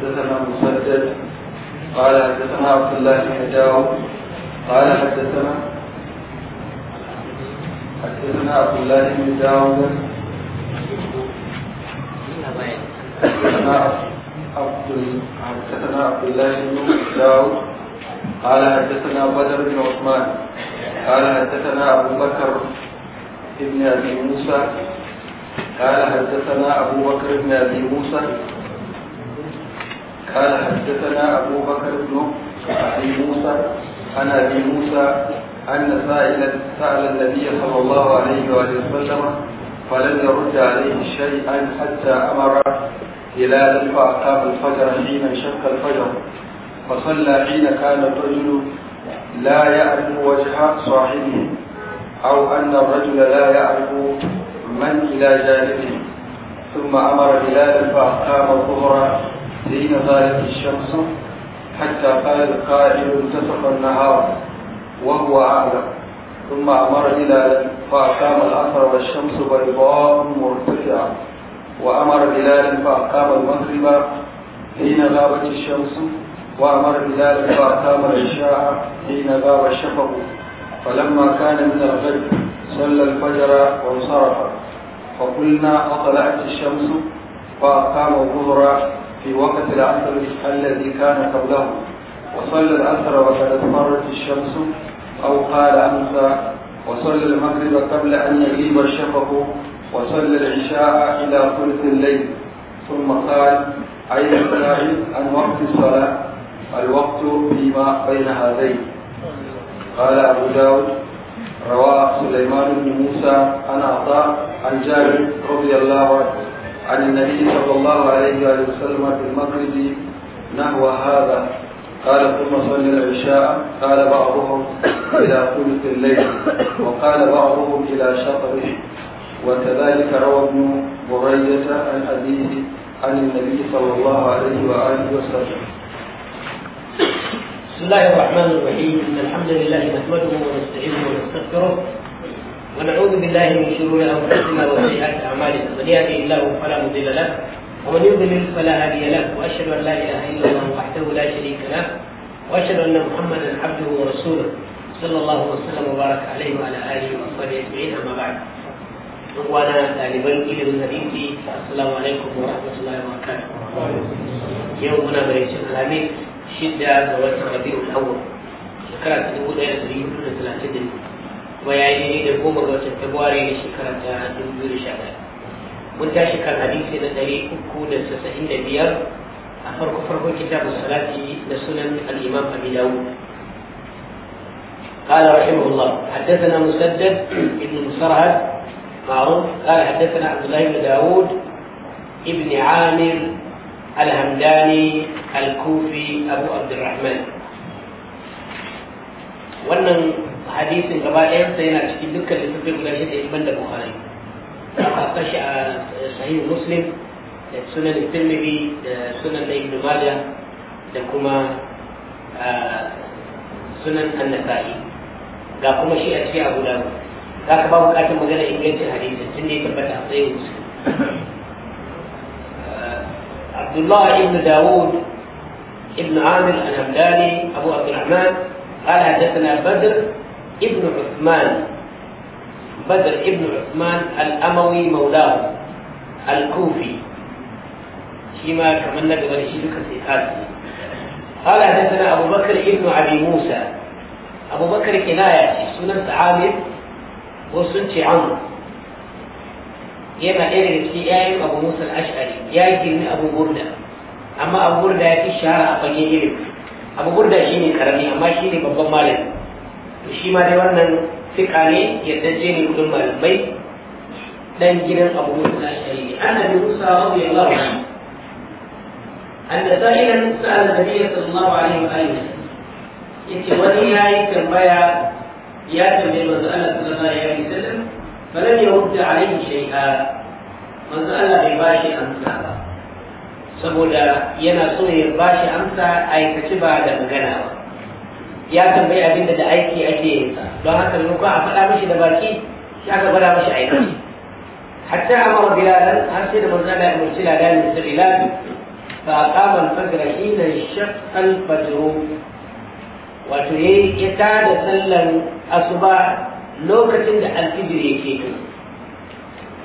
حدثنا مسدد قال حدثنا عبد الله بن داود قال حدثنا حدثنا عبد الله بن داود حدثنا عبد الله بن داود قال حدثنا بدر بن عثمان قال حدثنا ابو بكر بن ابي موسى قال حدثنا ابو بكر بن ابي موسى قال حدثنا أبو بكر بن أبي موسى عن أبي موسى أن سائلا سأل النبي صلى الله عليه وآله وسلم فلم يرد عليه شيئا حتى أمر بلالا فأقام الفجر حين انشق الفجر فصلى حين كان الرجل لا يعرف وجه صاحبه أو أن الرجل لا يعرف من إلى جانبه ثم أمر بلالا فأقام الظهر حين طالت الشمس حتى قال القائل انتصف النهار وهو أعلم ثم أمر بلالا فأقام الأثر والشمس بيضاء مرتفعة وأمر بلالا فأقام المغرب حين غابت الشمس وأمر بلالا فأقام العشاء حين غاب الشفق فلما كان من الغد صلى الفجر وانصرف فقلنا أطلعت الشمس فأقام الظهر في وقت العصر الذي كان قبله وصلى العصر وقد اضطرت الشمس أو قال أمسى وصلى المغرب قبل أن يغيب الشفق وصلى العشاء إلى ثلث الليل ثم قال أي الساعد عن وقت الصلاة الوقت فيما بين هذين قال أبو داود رواه سليمان بن موسى عن عطاء عن جابر رضي الله عنه عن النبي صلى الله عليه وآله وسلم في المغرب نحو هذا قال ثم صلى العشاء قال بعضهم إلى ثلث الليل وقال بعضهم إلى شطره وكذلك روى ابن برية عن أبيه عن النبي صلى الله عليه وآله وسلم بسم الله الرحمن الرحيم إن الحمد لله نحمده ونستعينه ونستغفره ونعوذ بالله من شرور انفسنا وسيئات اعمالنا من يهده الله فلا مضل له ومن يضلل فلا هادي له واشهد ان لا اله الا الله وحده لا شريك له واشهد ان محمدا عبده ورسوله صلى الله وسلم وبارك عليه وعلى اله وصحبه اجمعين اما بعد وانا طالبا الى الحديث السلام عليكم ورحمه الله وبركاته يومنا بريش الحميد شده زواج ربيع الاول شكرا تدعو الى 330 kuma ya yi daidai da goma ga watan Fabrairu na shekara ta dubu biyu da sha ɗaya. Mun tashi kan hadisi na ɗari uku da casa'in da biyar a farko farkon kitabun salati da sunan al'imam Abi Dawud. قال رحمه الله حدثنا مسدد بن مسرهد معروف قال حدثنا عبد الله بن داود ابن عامر الهمداني الكوفي أبو عبد الرحمن wannan hadisin gaba ɗayansa yana cikin dukkan littattafai guda shida iban da bukhari a kashi a eh, sahih muslim da sunan tirmidhi da sunan na ibn majah da kuma eh, sunan annasa'i ga kuma shi a cikin abu dawud za ka ba bukatar magana ingancin hadisin tun da ya tabbata a tsayin muslim eh, abdullahi ibn dawud ibn amir al-hamdani abu abdurrahman قال حدثنا بدر ابن عثمان بدر ابن عثمان الأموي مولاه الكوفي شيما كمان نقبل شيء قال حدثنا أبو بكر ابن أبي موسى أبو بكر كناية سنة عامر وسنة عمرو yana ɗaya daga cikin yayin abu musul ash'ari ya yi girmi abu burda amma abu burda ya fi shahara a fagen ilimi abu burda shi ne karami amma shi ne babban malami shi ma dai wannan fika ne yadda je ne kudin malamai dan gidan abu musa shari ne annabi musa radiyallahu anhu anna sa'ilan sa'ala nabiyyi sallallahu alaihi wa alihi yace wani ya yi tambaya ya tambaye manzo Allah sallallahu alaihi wa sallam falam yurd alaihi shay'a manzo Allah bai bashi amsa ba saboda yana so ya bashi amsa aikaci ba da magana ba ya tambayi abin da aiki ake yin sa don haka maimakon a faɗa mashi da baki shi aka gwada mashi aikaci hatta amara bilalan har sai da manzo Allah ya umarci ladan ya tsiri lafi fa aqama al-fajr hina shaqqa al-fajr wato yayi ya da sallar asuba lokacin da al-fajr yake kai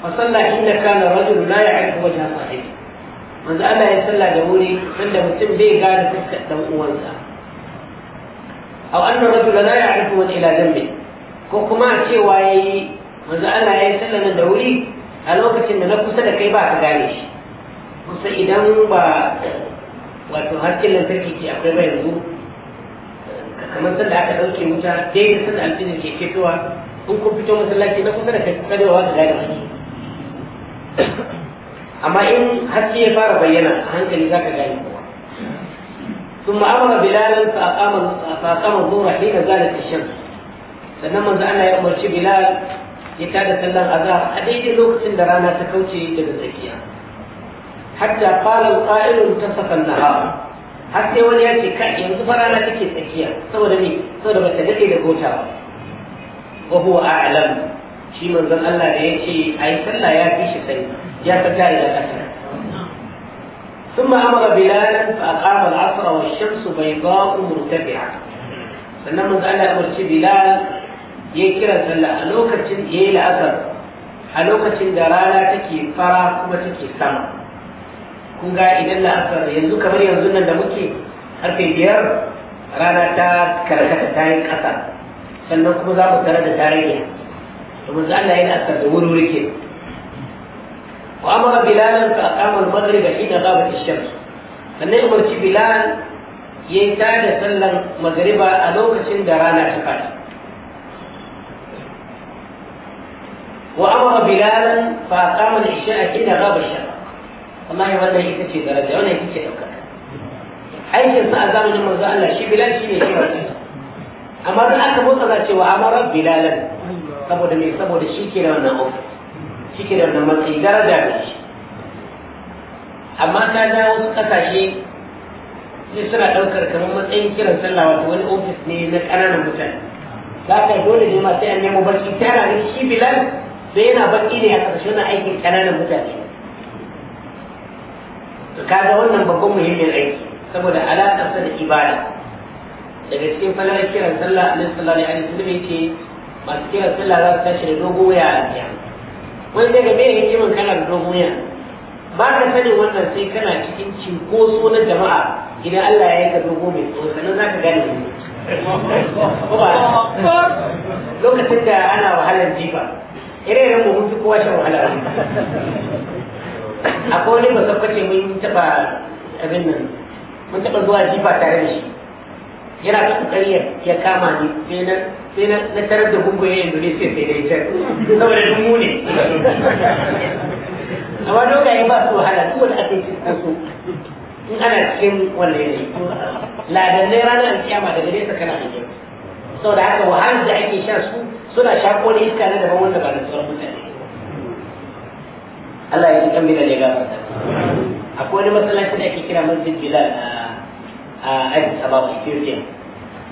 fa salla inda kana rajul la ya'rifu wajha sahibi manzo Allah ya salla da wuri sanda mutum bai gane fuskar dan uwansa aw anna الرجل لا يعرف من ila dambi ko kuma cewa yayi manzo Allah yayi sallama da wuri a lokacin da na kusa da kai ba ka gane kusa idan ba wato harkin lantarki ke akwai ba yanzu kamar sanda aka ɗauke wuta daidai sanda alfijir ke fitowa in kun fito masallaci na kusa da kai kadewa ga gane wani amma in haske ya fara bayyana a hankali za ka gane ثم أمر بلالا فأقام فأقام الظهر حين زالت الشمس sannan manzo Allah ya umarci Bilal ya tada sallan azhar a daidai lokacin da rana ta kauce daga tsakiya hatta qala al-qa'il tasafa an-nahar har sai wani ya ce kai yanzu fa rana take tsakiya saboda me saboda bata dade da gota ba wa huwa a'lam shi manzo Allah da yake ayi sallah ya fi shi sai ya fata da kasar ثم أمر بلالا فأقام العصر والشمس بيضاء مرتفعة sannan manzo Allah ya umarci Bilal ya kira sallah a lokacin ya yi la'asar a lokacin da rana take fara kuma take sama kun ga idan la'asar yanzu kamar yanzu nan da muke karfe biyar rana ta karkata ta yi ƙasa sannan kuma za mu tare da tarihi to manzo Allah ya yi la'asar da wuri wuri وأمر بلالا فأقام المغرب حين غابت الشمس فنعم بلال يتعد سلا مغربا ألوكة درانا تفعل وأمر بلالا a العشاء حين غاب الشمس والله wannan ita ce daraja wannan ita ce ɗauka? aikin sa a zamanin manzo Allah shi bilal shi ne kira amma da aka motsa za cewa amara bilalan saboda me saboda shi ke da wannan ofis shi da matsayi daraja da shi amma ta ga wasu ƙasashe sai suna ɗaukar kamar matsayin kiran sallah wato wani ofis ne na ƙananan mutane za ka dole ne ma sai an nemo barci tara ne shi bilal sai yana barci ne a ƙarshe na aikin ƙananan mutane to kaga wannan babban muhimmin aiki saboda alaƙarsa da ibada daga cikin falalar kiran sallah annabi sallallahu alaihi wasallam yace masu kiran sallah za su tashi da dogo waya a alƙiyama wani daga yake hikimin kana dogon wuya ba ka sani wannan sai kana cikin cinkoso na jama'a idan Allah ya yi ka dogo mai tsawo sannan za ka gane lokacin da ana wahalar jifa irin iren mu mun fi kowa shan wahala akwai wani ba tabbace mun taba abin nan mun taba zuwa jifa tare da shi yana ta kokari ya kama ni sai nan sai na tarar da gungun indonesia sai dai can saboda dumu ne amma dogaye ba su wahala su wani ake cikin su in ana cikin wannan yanayi ranar kiyama daga nesa kana saboda haka wahalar da ake sha su suna shako da iska na daban wanda ba da sauran mutane Allah ya ji kan bila ne gafarta akwai wani masallaci da ake kira masjid bilal a Addis Ababa Ethiopia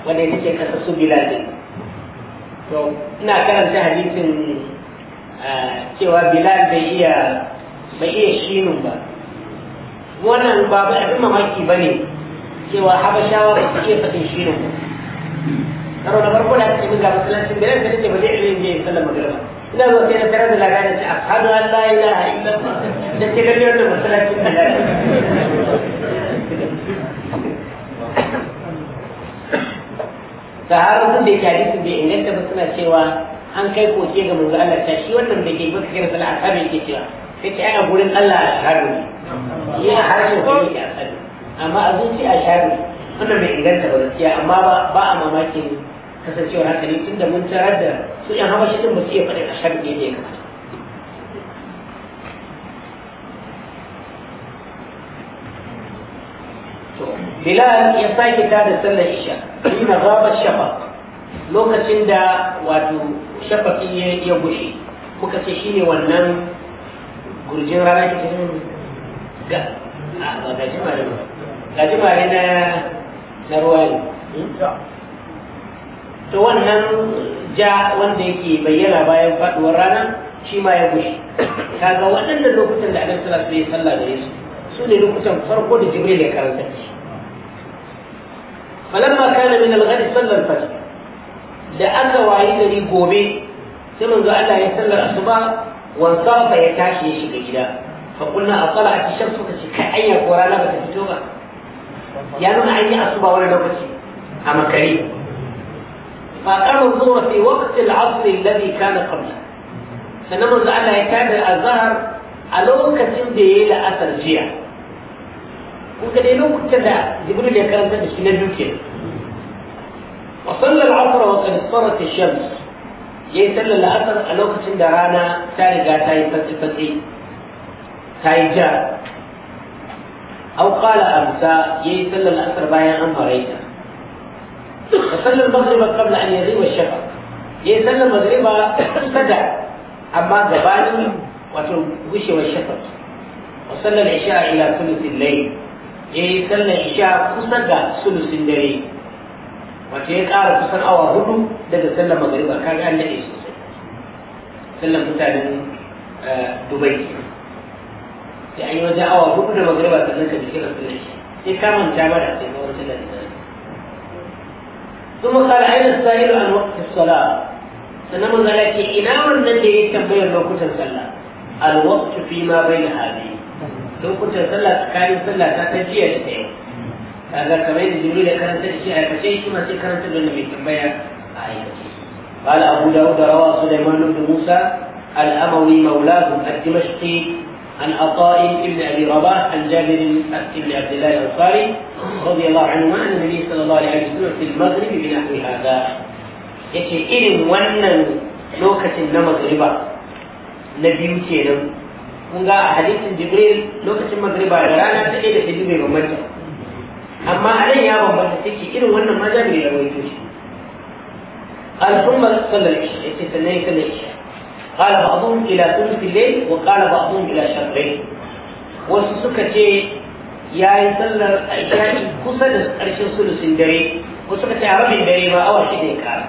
wanda ya ce kasa su bilal din to ina karanta hadisin eh, cewa bilal bai iya bai iya shinin ba wannan ba ba abin mamaki ba ne cewa habashawa ba su iya fatin shinin ba karo na farko da aka ga masallacin bilal da take ba zai iya yin sallar magana ina zuwa sai na tarar da lagana ce ashhadu an la ilaha illallah da ke gani wannan masallacin bilal saharar sun da yake sun bai inganta ba suna cewa an kai koke ga manzo Allah ta shi wannan da ke baka kira sallah asabi yake cewa sai ta yana gurin Allah a shaharu ne yana harshen da yake asabi amma a zuci a shaharu wannan bai inganta ba gaskiya amma ba a mamakin kasancewar haka ne tunda mun tarar da su yan habashi din ba su iya faɗin a shaharu ne ya kamata bilal ya sake ta da sallar isha ina gaba shafa, lokacin da wato shafaqi ya gushe kuka ce shine wannan gurjin rana ke cikin ga a ga jimare ga jimare na na ruwayi hmm? to wannan ja wanda yake bayyana bayan faduwar rana shi ma ya gushe kaga waɗannan lokutan da annabi sallallahu alaihi wasallam ya sallah da su su ne lokutan farko da jibril ya karanta shi falamma kana min al-ghadi sallan fajr da aka wayi gari gobe sai manzo Allah ya sallar asuba wa safa ya tashi ya ga gida fa kunna aqala a shamsu ka ce kai ayya ko rana ba ta fito ba ya nuna an yi asuba wani lokaci a makare fa qama zuwa fi waqti al-'asr alladhi kana qabla sannan manzo Allah ya tada azhar a lokacin da ya yayi la'asar jiya kun ga dai lokutan da jibril ya karanta da shi na duke wa sallal asr wa qad sarat ash-shams yayi sallar asr a lokacin da rana ta riga ta yi fatsi fatsi ta yi ja aw qala amsa yayi sallar asr bayan an faraita wa sallal maghrib qabla an yadhib ash-shafaq yayi sallar maghriba sada amma gabanin wato gushewar shafaq وصلى العشاء إلى ثلث الليل ya yi sallar isha kusa da sulusin dare wato ya ƙara kusan awa hudu daga sallar magariba kaga an daɗe sosai sallar mutanen eh, dubai da an yi wajen awa hudu da magariba sannan ka jikin rasu da shi sai ka manta ba da sai kawar sallar da ثم قال أين السائل عن وقت الصلاة؟ سنما قال إنا من tambayar يتبين Sallah? كنت صلى الوقت فيما بين هذه lokutan sallah tsakanin sallah ta ta jiya da ta yau kaga kamar yadda jibril ya karanta da shi a aikace shi ma sai karanta da mai tambaya a aikace قال أبو داود روى سليمان بن موسى الأموي مولاه الدمشقي عن عطاء بن أبي رباح عن جابر بن عبد الله الأنصاري رضي الله عنهما أن النبي صلى الله عليه وسلم في المغرب بنحو هذا يتي إلم ونن لوكة المغرب نبيوتي kun ga a hadisin jibril lokacin magriba da rana ta ɗaya da ta biyu bai bambanta amma a nan ya bambanta take irin wannan maza bai rawaito shi al'ummar sallar isha ya ce sannan sallar isha قال بعضهم إلى ثلث الليل وقال بعضهم إلى شرين wasu suka ce ya yi sallar aishaki kusa da ƙarshen sulusin dare wasu suka ce a rabin dare ma awa shida ya kara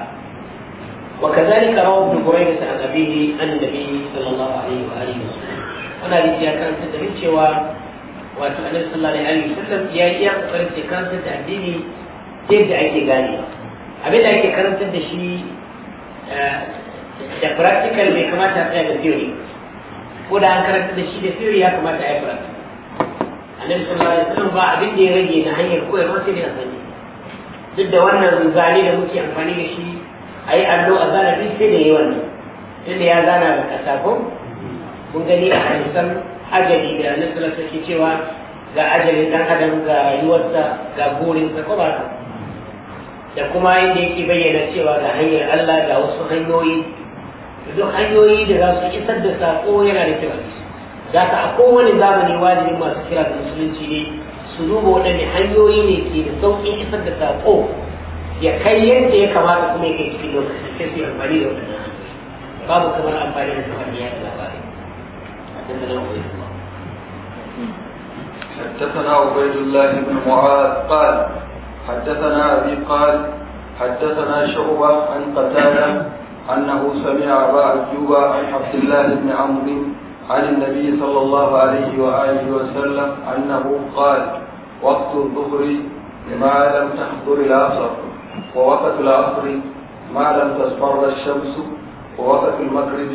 wa kazalika rawu ibn burayd an abihi an nabi sallallahu alaihi wa alihi suna da kan su da cewa wato annabi sallallahu alaihi wasallam ya yi iya kokarin ce kansa da addini yadda ake gane abin da ake karantar da shi eh, da practical mai kamata a tsaya da theory ko da an karanta da shi da theory ya kamata a yi practical annabi sallallahu alaihi wasallam ba abin da ya rage na hanyar koyarwa sai da sani duk da wannan zane da muke amfani da shi a yi allo a zana duk sai da yi wannan tunda ya zana da kasa ko kun gani a hadisan ajali da annabi sallallahu ke cewa ga ajalin dan adam ga rayuwarsa ga burinsa ko ba da kuma inda yake bayyana cewa ga hanyar Allah ga wasu hanyoyi duk hanyoyi da za su isar da sako yana da kira za ka a kowane zamani wajibi masu kira da musulunci ne su duba waɗanne hanyoyi ne ke da sauƙin isar da sako ya kai yadda ya kamata kuma ya kai cikin lokaci sai su yi amfani da waɗannan babu kamar amfani da kamar ya labari حدثنا عبيد الله بن معاذ قال حدثنا أبي قال حدثنا شعبة عن قتادة أنه سمع أبا أيوب عن عبد الله بن عمرو عن النبي صلى الله عليه وآله وسلم أنه قال وقت الظهر ما لم تحضر العصر ووقت العصر ما لم تصفر الشمس ووقت المغرب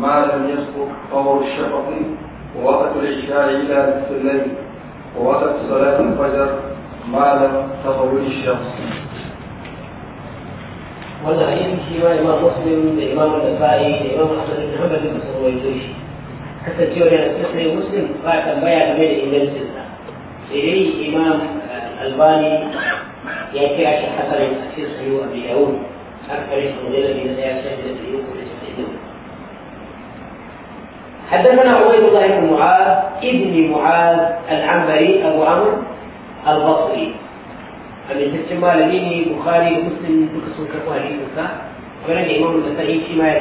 ما لم يسبق طور الشفق ووقت العشاء الى نصف الليل ووقت صلاه الفجر ما لم تطول الشمس. ولا يمكن في روايه امام مسلم لامام النسائي لامام احمد بن حنبل بن مسلم ويزيد حتى الجوري النسائي ومسلم بعد ان بيع بيده الى الجنه اليه امام الباني يأتي عشر حسن في صحيح ابي داود اكثر من ذلك من الايات التي يقول حدثنا عبيد الله بن معاذ ابن معاذ العنبري ابو عمرو البصري ابي تسمى لدين البخاري ومسلم بخصوص كفاري مكة وكان الامام النسائي في ما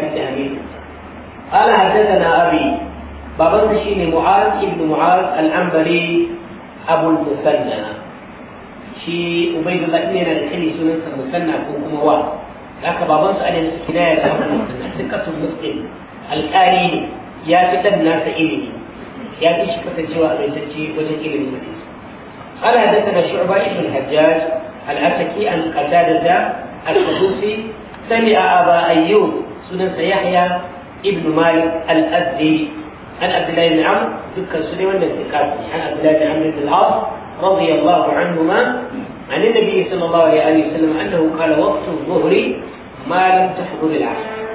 قال حدثنا ابي بابنشي معاذ ابن معاذ العنبري ابو المثنى شي عبيد الله بن انا الحلي سننسى المثنى كون كما لكن بابنشي انا الكنايه المثنى ثقه المسلم الكاريني ya fi dan nasa ilimi ya fi shi kasancewa abincacce wajen ilimin da قال حدثنا شعبة بن الحجاج الأتكي عن قتادة الحدوثي سمع أبا أيوب سنن يحيى ابن مالك الأزدي عن عبد الله بن عمرو ذكر سليمان بن عن عبد الله بن عمرو بن العاص رضي الله عنهما عن النبي صلى الله عليه وسلم أنه قال وقت الظهر ما لم تحضر العصر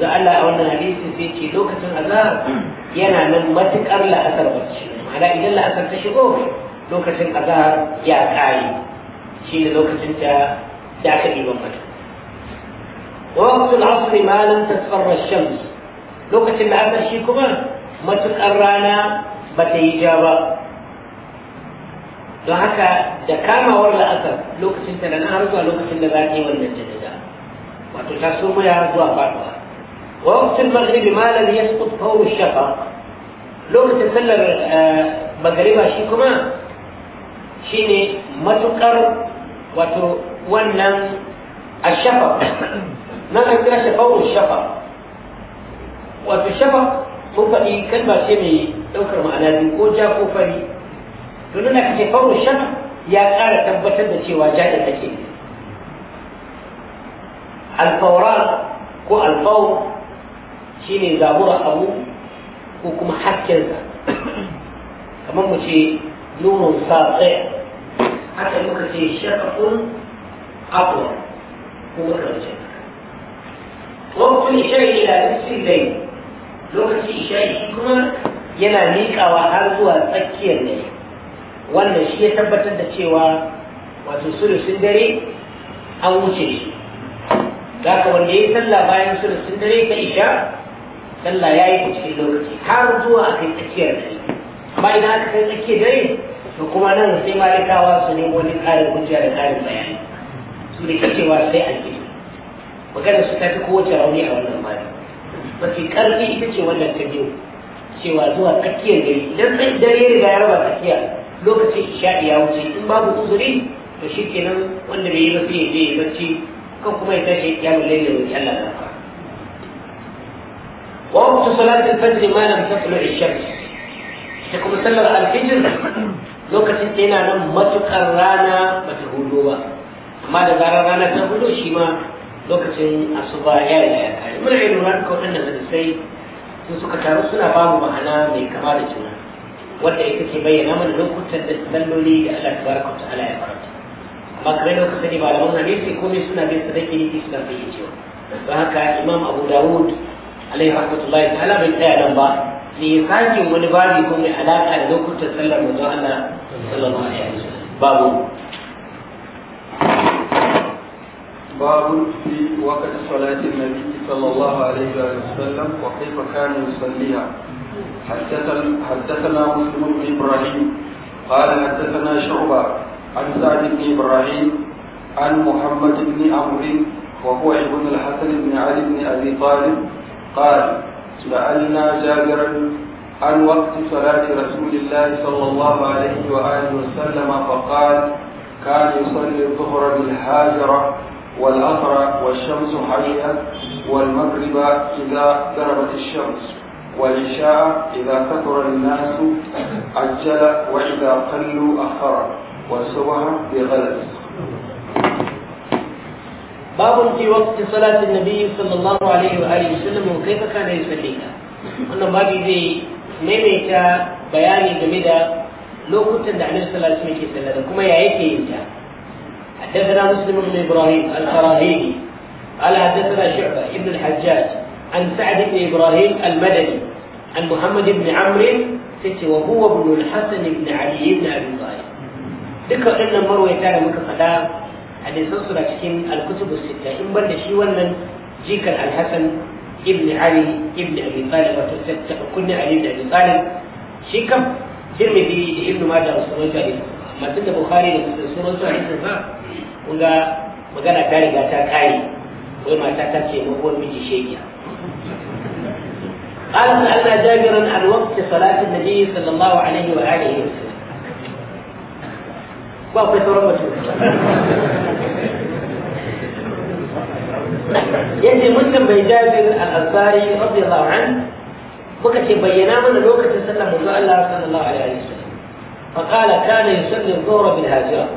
yanzu Allah a wannan hadisi sai ce lokacin azhar yana nan matuƙar la'asar bacci ma'ana idan la'asar ta shigo lokacin azhar ya ƙare shi ne lokacin ta da aka ɗiban mata وقت العصر ما لم تصفر الشمس لوكة العصر شي كمان ما تقرانا بتيجا ba don haka da kamawar la'asar lokacin ta nan har zuwa lokacin da za ta yi wannan janaza wato ta so mu ya zuwa faɗuwa ووقت المغرب ما لم يسقط فوق الشفق لو تسلم مغربا shi kuma shine matukar wato wannan ashafa na an kira shi fawon shafa wato shafa mun faɗi kalma ce mai ɗaukar ma'ana biyu ko ja ko fari to nuna kace fawon shafa ya ƙara tabbatar da cewa ja da take ko alfau. Shi ne zabura abu ko kuma haskensa, kamar mu ce nurun sa tsaya haka muka ce shakafun abuwa ko makarancin wakil shari'i ila nufin dai lokaci shari'i kuma yana miƙawa har zuwa tsakiyar ne wanda shi ya tabbatar da cewa wato sulusun dare an wuce shi za ka wanda ya yi sallah bayan sulusun dare ta isha sallah ya yi cikin lokaci har zuwa a kai tsakiyar dare amma idan aka kai tsakiyar dare to kuma nan sai malikawa su nemo wani ƙarin hujja da ƙarin bayani su da ke cewa sai an gina. magana su ta fi kowace rauni a wannan mali mafi ƙarfi ita ce wannan ta biyu cewa zuwa tsakiyar dare idan tsayin dare riga ya raba tsakiya lokacin isha'i ya wuce in babu uzuri to shi kenan wanda bai yi mafi ya ya barci kan kuma ya tashi ya mulle da wani Allah na ووقت صلاة الفجر ما لم تطلع الشمس تكون صلى الفجر lokacin da yana nan matukar rana ba ta ba amma da zarar rana ta hudu shi ma lokacin asuba ya yi ya kare muna yin lura duka waɗannan sun suka taru suna ba ma'ana mai kama da juna wanda ita ke bayyana mana lokutan da salloli da Allah tabaraka wa ta'ala ya faranta amma kamar yadda kuka sani malaman hadisi komai suna bin sadaki ne suna fayyacewa don haka imam abu dawud عليه رحمة الله تعالى من nan ba في sakin wani babi ko mai alaka da lokutan sallar manzon Allah sallallahu alaihi wasallam babu باب في وقت صلاة النبي صلى الله عليه وسلم وكيف كان يصليها حدثنا مسلم بن إبراهيم قال حدثنا شعبة عن سعد بن إبراهيم عن محمد بن عمرو وهو ابن الحسن بن علي بن أبي طالب قال سألنا جابرا عن وقت صلاة رسول الله صلى الله عليه وآله وسلم فقال كان يصلي الظهر بالحاجرة والعصر والشمس حية والمغرب إذا ضربت الشمس والعشاء إذا كثر الناس عجل وإذا قلوا أخر والصبح بغلس باب في وقت صلاة النبي صلى الله عليه وآله وسلم وكيف كان يصليها أنا باقي في ميميتا بياني جميدة لو كنت عند النبي صلى الله عليه وسلم كما da انت حدثنا مسلم بن ابراهيم الفراهيدي قال حدثنا شعبه ابن الحجاج عن سعد بن ابراهيم المدني عن محمد بن عمرو ستي وهو ابن الحسن بن علي بن ابي طالب ذكر ان مروي كان مكفدا hadisan suna cikin alkutubu sita in ban da shi wannan jikar alhassan ibn ali ibn abi talib wato takunni ali ibn abi talib shi kam tirmidhi da ibn majah wasu rawaita ne masu da bukhari da muslim sun rawaita hadisin sa kun ga magana ta riga ta kare wai mata ta ce mabuwar miji shegiya قال سألنا جابرا عن وقت صلاة النبي صلى الله عليه وآله وسلم باقي ترمى يدي مسلم بيجادل الأنصاري رضي الله عنه وقت يبينا من الوقت سلم وقال الله صلى الله عليه وسلم فقال كان يصلي الظهر بالهاجرة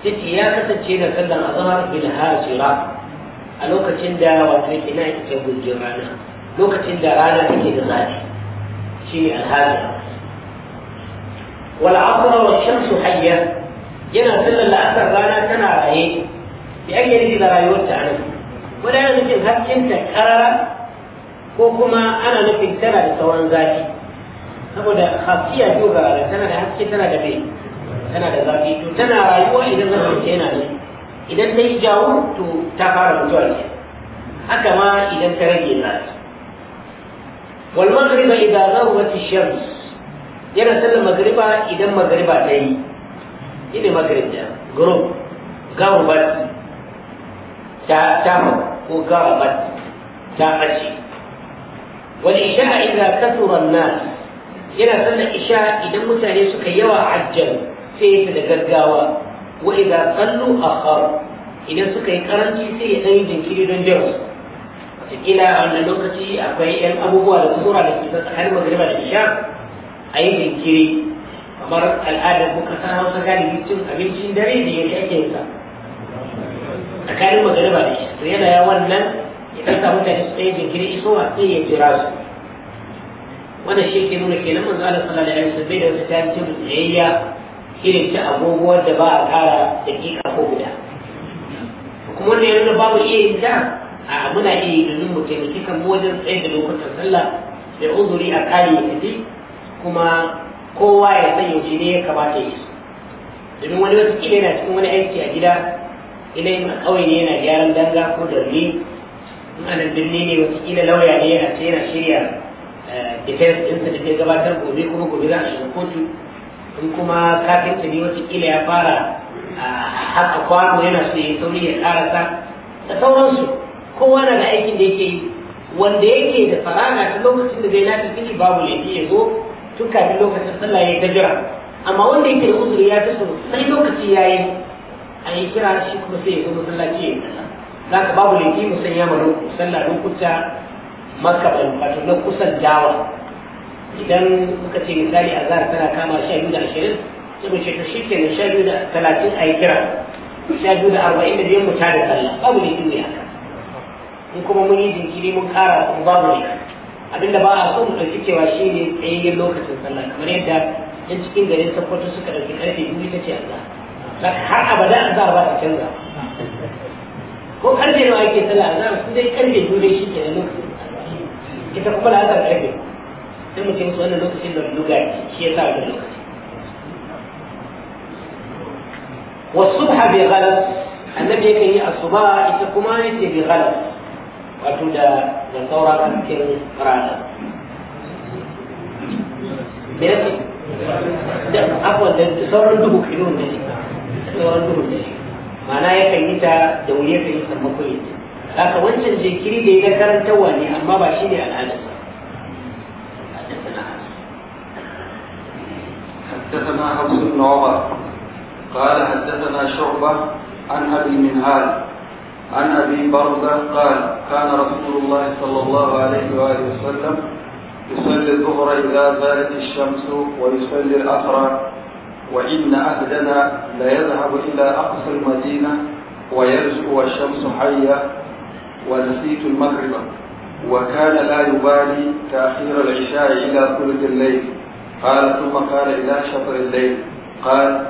ست يا كسر تشيل سلم الظهر بالهاجرة الوقت عند وقت هنا يتجب الجرانة الوقت عند رانا تجد غادي شيء الهاجرة والعصر والشمس حيه yana sallar la'asar rana tana raye da ake yi da rayuwarta a nan wanda yana nufin haskinta karara ko kuma ana nufin tana da sauran zafi saboda hafiya biyu ga rana tana da haske tana da bai, tana da zafi to tana rayuwa idan zafi ta yana nan idan ta yi jawo to ta fara mutuwa ke haka ma idan ta rage zafi wal magriba idan zawwati shams yana sallar magriba idan magriba ta yi Ini ne magrib da group gawamat ta tama ko gawamat ta ɓace wani isha'a idan kasuran nas yana sannan isha idan mutane suka yawa ajjalu sai ta da gaggawa wa idan tsallu a idan suka yi karanci sai ya ɗan jinkiri don jiran su wataƙila a wannan lokaci akwai 'yan abubuwa da kusura da kusa tsakanin magariba da isha a yi jinkiri kamar al'adar mu kasar hausa galibi cin abincin dare da yake ake yin sa tsakanin magariba da shi to yana ya wannan ya ɗan samu mutane su tsaye jinkiri a sai ya jira su wannan shi ke nuna kenan manzo Allah sallallahu alaihi wasallam bai da wata tarihin tsayayya irin ta abubuwan da ba a ƙara daƙiƙa ko guda kuma wanda ya nuna babu iya yin ta a muna iya yi domin mu taimaki kan wajen tsaye da lokutan sallah da uzuri a kare ya kuma kowa ya san yaushe ne ya kamata ya su domin wani wasu kila yana cikin wani aiki a gida ina yin kawai ne yana gyaran danga ko darni in a nan birni ne wasu kila lauya ne yana ce yana shirya eh, defense ɗinsa da ke gabatar gobe kuma gobe za a shiga kotu in kuma kafinta ne wasu kila ya fara haka kwano yana so ya sauri ya karasa da sauransu kowa na da aikin da yake yi wanda yake da fara ta lokacin da zai lafi fili babu laifi ya zo tun kafin lokacin sallah ya ta jira amma wanda yake uzuri ya fi so sai lokaci ya yi a yi kira shi kuma sai ya zo masallaci ya yi za ka babu laifi mu sanya ma sallah don lokuta makaɓan wato na kusan dawa idan muka ce misali a zahar tana kama sha biyu da ashirin sai mu ce to shi kenan sha biyu da talatin a yi kira sha biyu da arba'in da biyar mu tada sallah babu laifi ne haka in kuma mun yi jinkiri mun kara mu babu laifi abinda ba a so mu ɗauki cewa shi ne tsayayyen lokacin sallah kamar yadda yan cikin garin sakwato suka ɗauki ƙarfe biyu ita ce azza har abada a ba ta canza ko ƙarfe nawa ake sallah azza su dai ƙarfe biyu dai shi ke da lokacin ita kuma da azar ƙarfe sai mu ce wannan lokacin da luga shi ya sa wannan lokaci والصبح بغلط النبي كان الصباح يتكما يتي ghalas wato da da sauran a cikin rana me da abuwa da sauran dubu kilo ne sauran dubu ne ma'ana ya kan yi ta da wuri ya kan yi sammako ya ce haka wancan jinkiri da ya na karantarwa ne amma ba shi ne al'adarsa حدثنا حفص بن عمر قال حدثنا شعبة عن أبي منهال عن أبي بردة قال كان رسول الله صلى الله عليه وآله وسلم يصلي الظهر إذا زالت الشمس ويصلي العصر وإن أهلنا ليذهب إلى أقصى المدينة ويرجع والشمس حية ونسيت المغرب وكان لا يبالي تأخير العشاء إلى ثلث الليل قال ثم قال إلى شطر الليل قال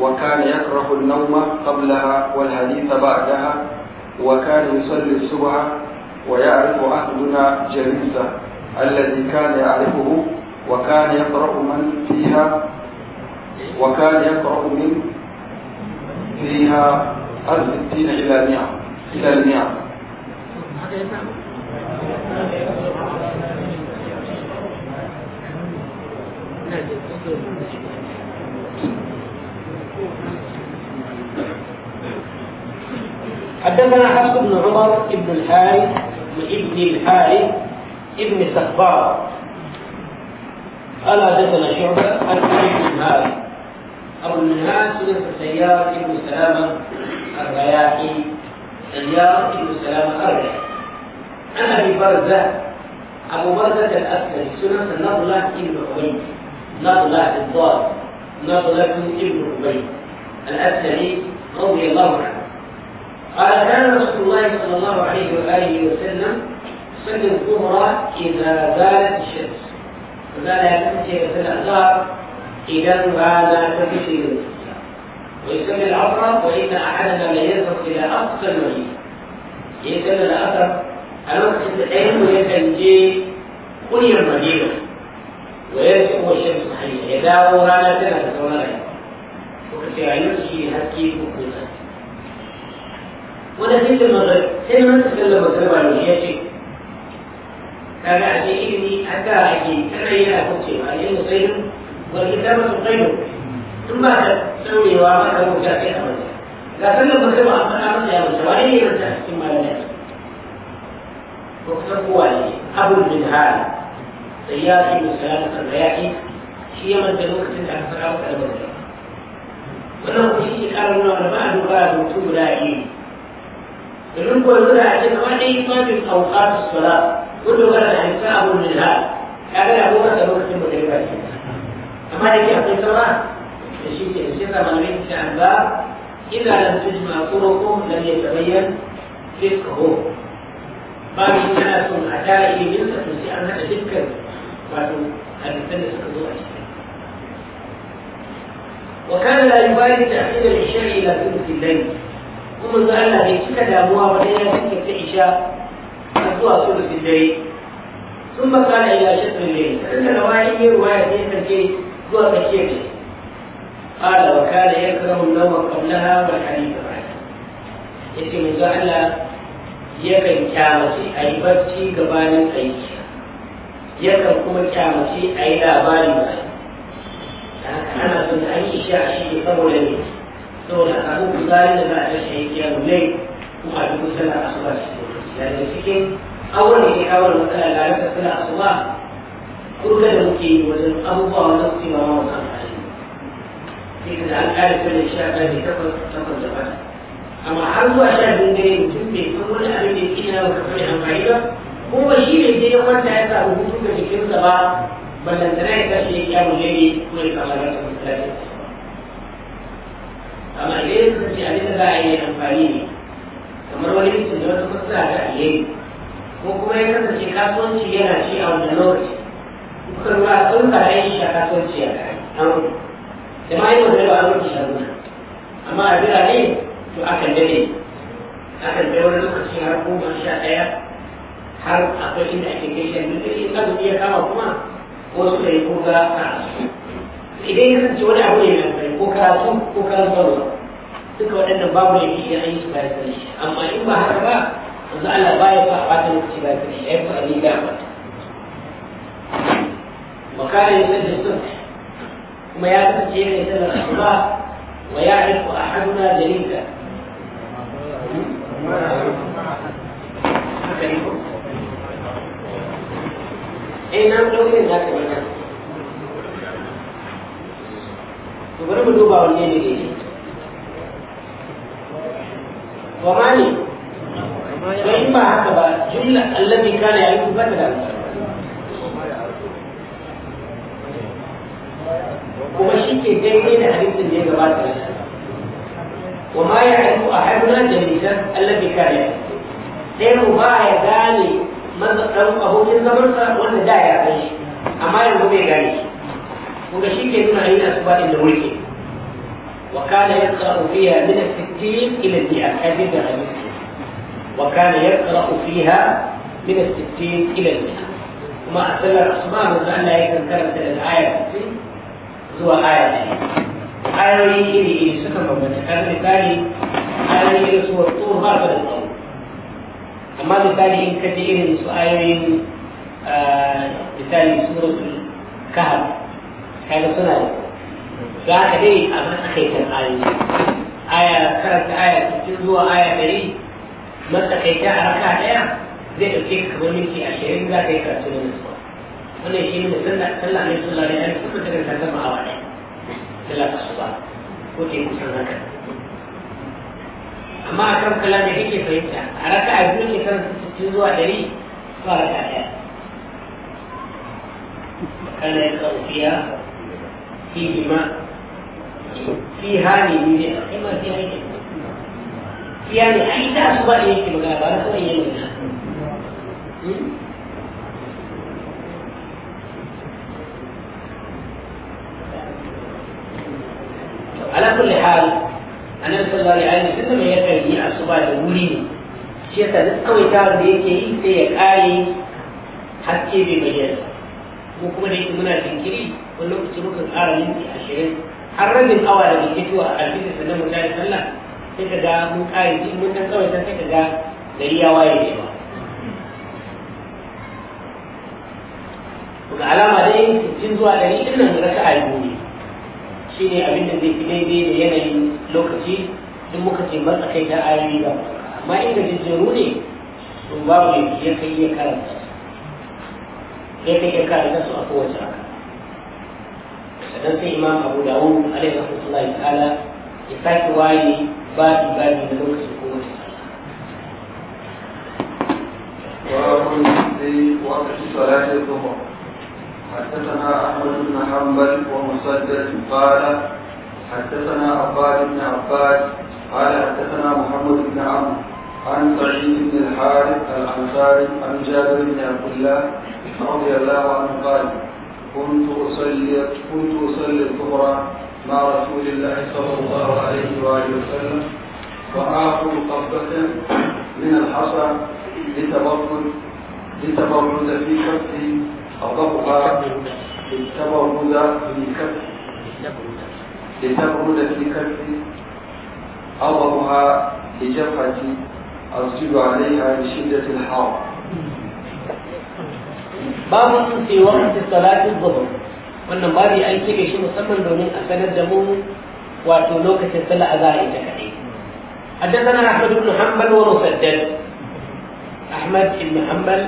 وكان يكره النوم قبلها والحديث بعدها وكان يصلي الصبح ويعرف أهلنا جريسة الذي كان يعرفه وكان يقرأ من فيها وكان يقرأ من فيها الستين إلى المئة إلى المئة Thank you. حدثنا حفص بن عمر بن الحارث بن الحارث بن سخبار قال حدثنا شعبة عن ابن المهاد أبو المهاد سنة سيار بن سلامة الرياحي سيار بن سلامة الرياحي عن أبي برزة أبو برزة الأسلم سنة نضلة ابن عبيد نضلة الضار نضلة ابن عبيد الأسلمي رضي الله عنه قال كان رسول الله صلى الله عليه وآله وسلم يصلي الظهر إذا زالت الشمس وزال يمشي في الاثار إذا هذا تكفي ويصلي العصر وإن أحدنا يذهب إلى أقصى المسجد يصلي العصر الوقت العلم يتنجي كل المدينة ويسمو الشمس حيث إذا ولا ثلاثة ورانا وكثير يمشي هكي وكثير wani filin magana sai na masa filin magana ne ya ce kaga a ce ilimi an da ake kada yana kuce ba yin musayin wani kitab masu kaino tun ba da tsaurewa ba da mutum sai a mace ga sannan ba sai ba a faɗa masa ya mace wani ne mace a cikin malamai ko kusan kowa ne abun bin hali sai ya ce musayin kan da yaƙi shi ya manta lokacin da aka faɗa masa da mace wannan kuma shi ke ƙara nuna wani ba a duba da mutum guda a iri الركوع الأولى عشان وحي ما من أوقات الصلاة كله قال يعني كتاب من هذا هذا هو مثل وقت المدركات أما لك يعطي صلاة الشيء السنة من بين الأنباء إذا لم تجمع طرقهم لم يتبين فقهه ما في ناس أتى إلى جلسة أنها تذكر وكان لا يبالي تأخير العشاء إلى ثلث الليل kuma zuwa Allah bai cika damuwa ba dai ya cika ta isha a zuwa sulusin dare sun ba kana ila shirin ne tunda da wani yi ruwaya sai ta ce zuwa tsakiyar ne qala wa kana yakrahu an-nawma qablaha wal hadith ba'da yace mun zuwa Allah yakan kyamace a yi barci gabanin aiki kan kuma kyamace ayi labarin labari ba ana son da an yi isha shi saboda ne saboda a samu kuzari da za a tashi aiki yaro lai kuma a duk sallar asuba su. ya da cikin awon ne ke awon matsala ga rasa sallar asuba kurka da muke yi wajen abubuwa wajen su ma mawa kan hali sai ka da an kare sallar sha ɗaya ne takwas takwas da bata amma har zuwa sha biyun dare mutum bai san wani abin da yake yana wata kawai amfani ba kuma shi ne sai ya kwanta ya samu hutu ga jikinsa ba ballantana ya tashi ya kyamu dare ko ya kama da ta mutane amma idan suka ce abin da za a yi amfani ne kamar wani mutum da wata fasara da alheri ko kuma ya kasance kasuwanci yana ci a wannan lokaci kuka lura sun ba yi shi a kasuwanci a kai da ma yi wani ba wani shaguna amma a birane to akan dade akan da wani lokaci har goma sha ɗaya har akwai inda ake kai shan duk da iya kama kuma wasu da ya kuka a su idan ya kasance wani abu ne mai ko karatu ko duka waɗannan babu ne ke iya aiki da shi amma in ba haka ba yanzu Allah ba ya sa a lokaci ba da shi fa a da ba makara ya san sun kuma ya kasance yana sallar asuba wa ya aiko a da rinka Eh, na ɗauke za yi to bari mu duba wanne ne ne wa ma to in ba haka ba jumla allazi kana ya yi ba ta da kuma shi ke daidai da hadisin da ya gabata da shi wa ma ya haifu a haifunan jami'ar allazi kana ya sai mu ba ya gane mazaɗan abokin zamansa wanda da ya gani amma yanzu bai gane shi وده شيء كلمة أسباب النورية وكان يقرأ فيها من الستين إلى المئة حديث غنيم وكان يقرأ فيها من الستين إلى المئة وما أسأل عثمان بن أن يكن كانت الآية 60 زوى آية آية إلي سكن مبنى كان مثالي آية إلي سورة طول غرب الأرض amma misali in ka ji irin su ayoyin misali suratul kahf kaga suna da za ka dai a matsakaitar ayoyi aya karanta aya cikin zuwa aya ɗari matsakaita a raka daya zai ɗauke ka kamar minti ashirin za ka yi karatu da nutsuwa wannan shi ne da sallah ne sallah ne ɗan kuma ta karanta gama awa ɗaya sallah ta suba ko yi kusan haka amma a kan kala da kake fahimta a raka a biyu ne karanta cikin zuwa ɗari ba raka ɗaya kana yin ƙarfiya فيه إيمان في هذه النعمة في هذه يعني aida su ba da yake magana ba na kawai yayin na ala kulli hal annabi sallallahu alaihi wasallam ya kai asuba da wuri shi yasa duk kawai tarin da yake yi sai ya kare haske bai bayyana ko kuma da yake muna jinkiri wani lokaci muka ƙara minti ashirin har rabin awa da muke fitowa a alfisa sannan mu tare sallah sai ka ga mun ƙare shi mun dan kawai sai ka ga gari ya waye ne ba alama da yin sittin zuwa ɗari ɗin nan ta biyu ne shi ne abin da zai fi daidai da yanayin lokaci in muka ce matsakaita ayoyi da amma inda jijjiru ne to babu ya kai iya karanta sai kai ka kare kansu a kowace raka sannan sai imam abu dawud alaihi rahmatullahi ta'ala ya sake waye babi babi na lokacin kowace وأقول في وقت صلاة الظهر حدثنا أحمد بن حنبل ومسدد قال حدثنا عباد بن عباد قال حدثنا محمد بن عمرو عن سعيد بن الحارث الأنصاري عن جابر بن عبد الله رضي الله عنه قال كنت أصلي كنت أصلي الظهر مع رسول الله صلى الله عليه وآله وسلم وآخذ قبة من الحصى لتبرد لتبرد في كفي أضعها لتبرد في كفي لتبرد في كفي أضعها لجبهتي أرسل عليها بشدة الحر babu sun ce wa masu salatin zuhur wannan babi an kebe shi musamman domin a sanar da mu wato lokacin sallah azhar ita kadai haddathana ahmad ibn hanbal wa musaddad ahmad ibn hanbal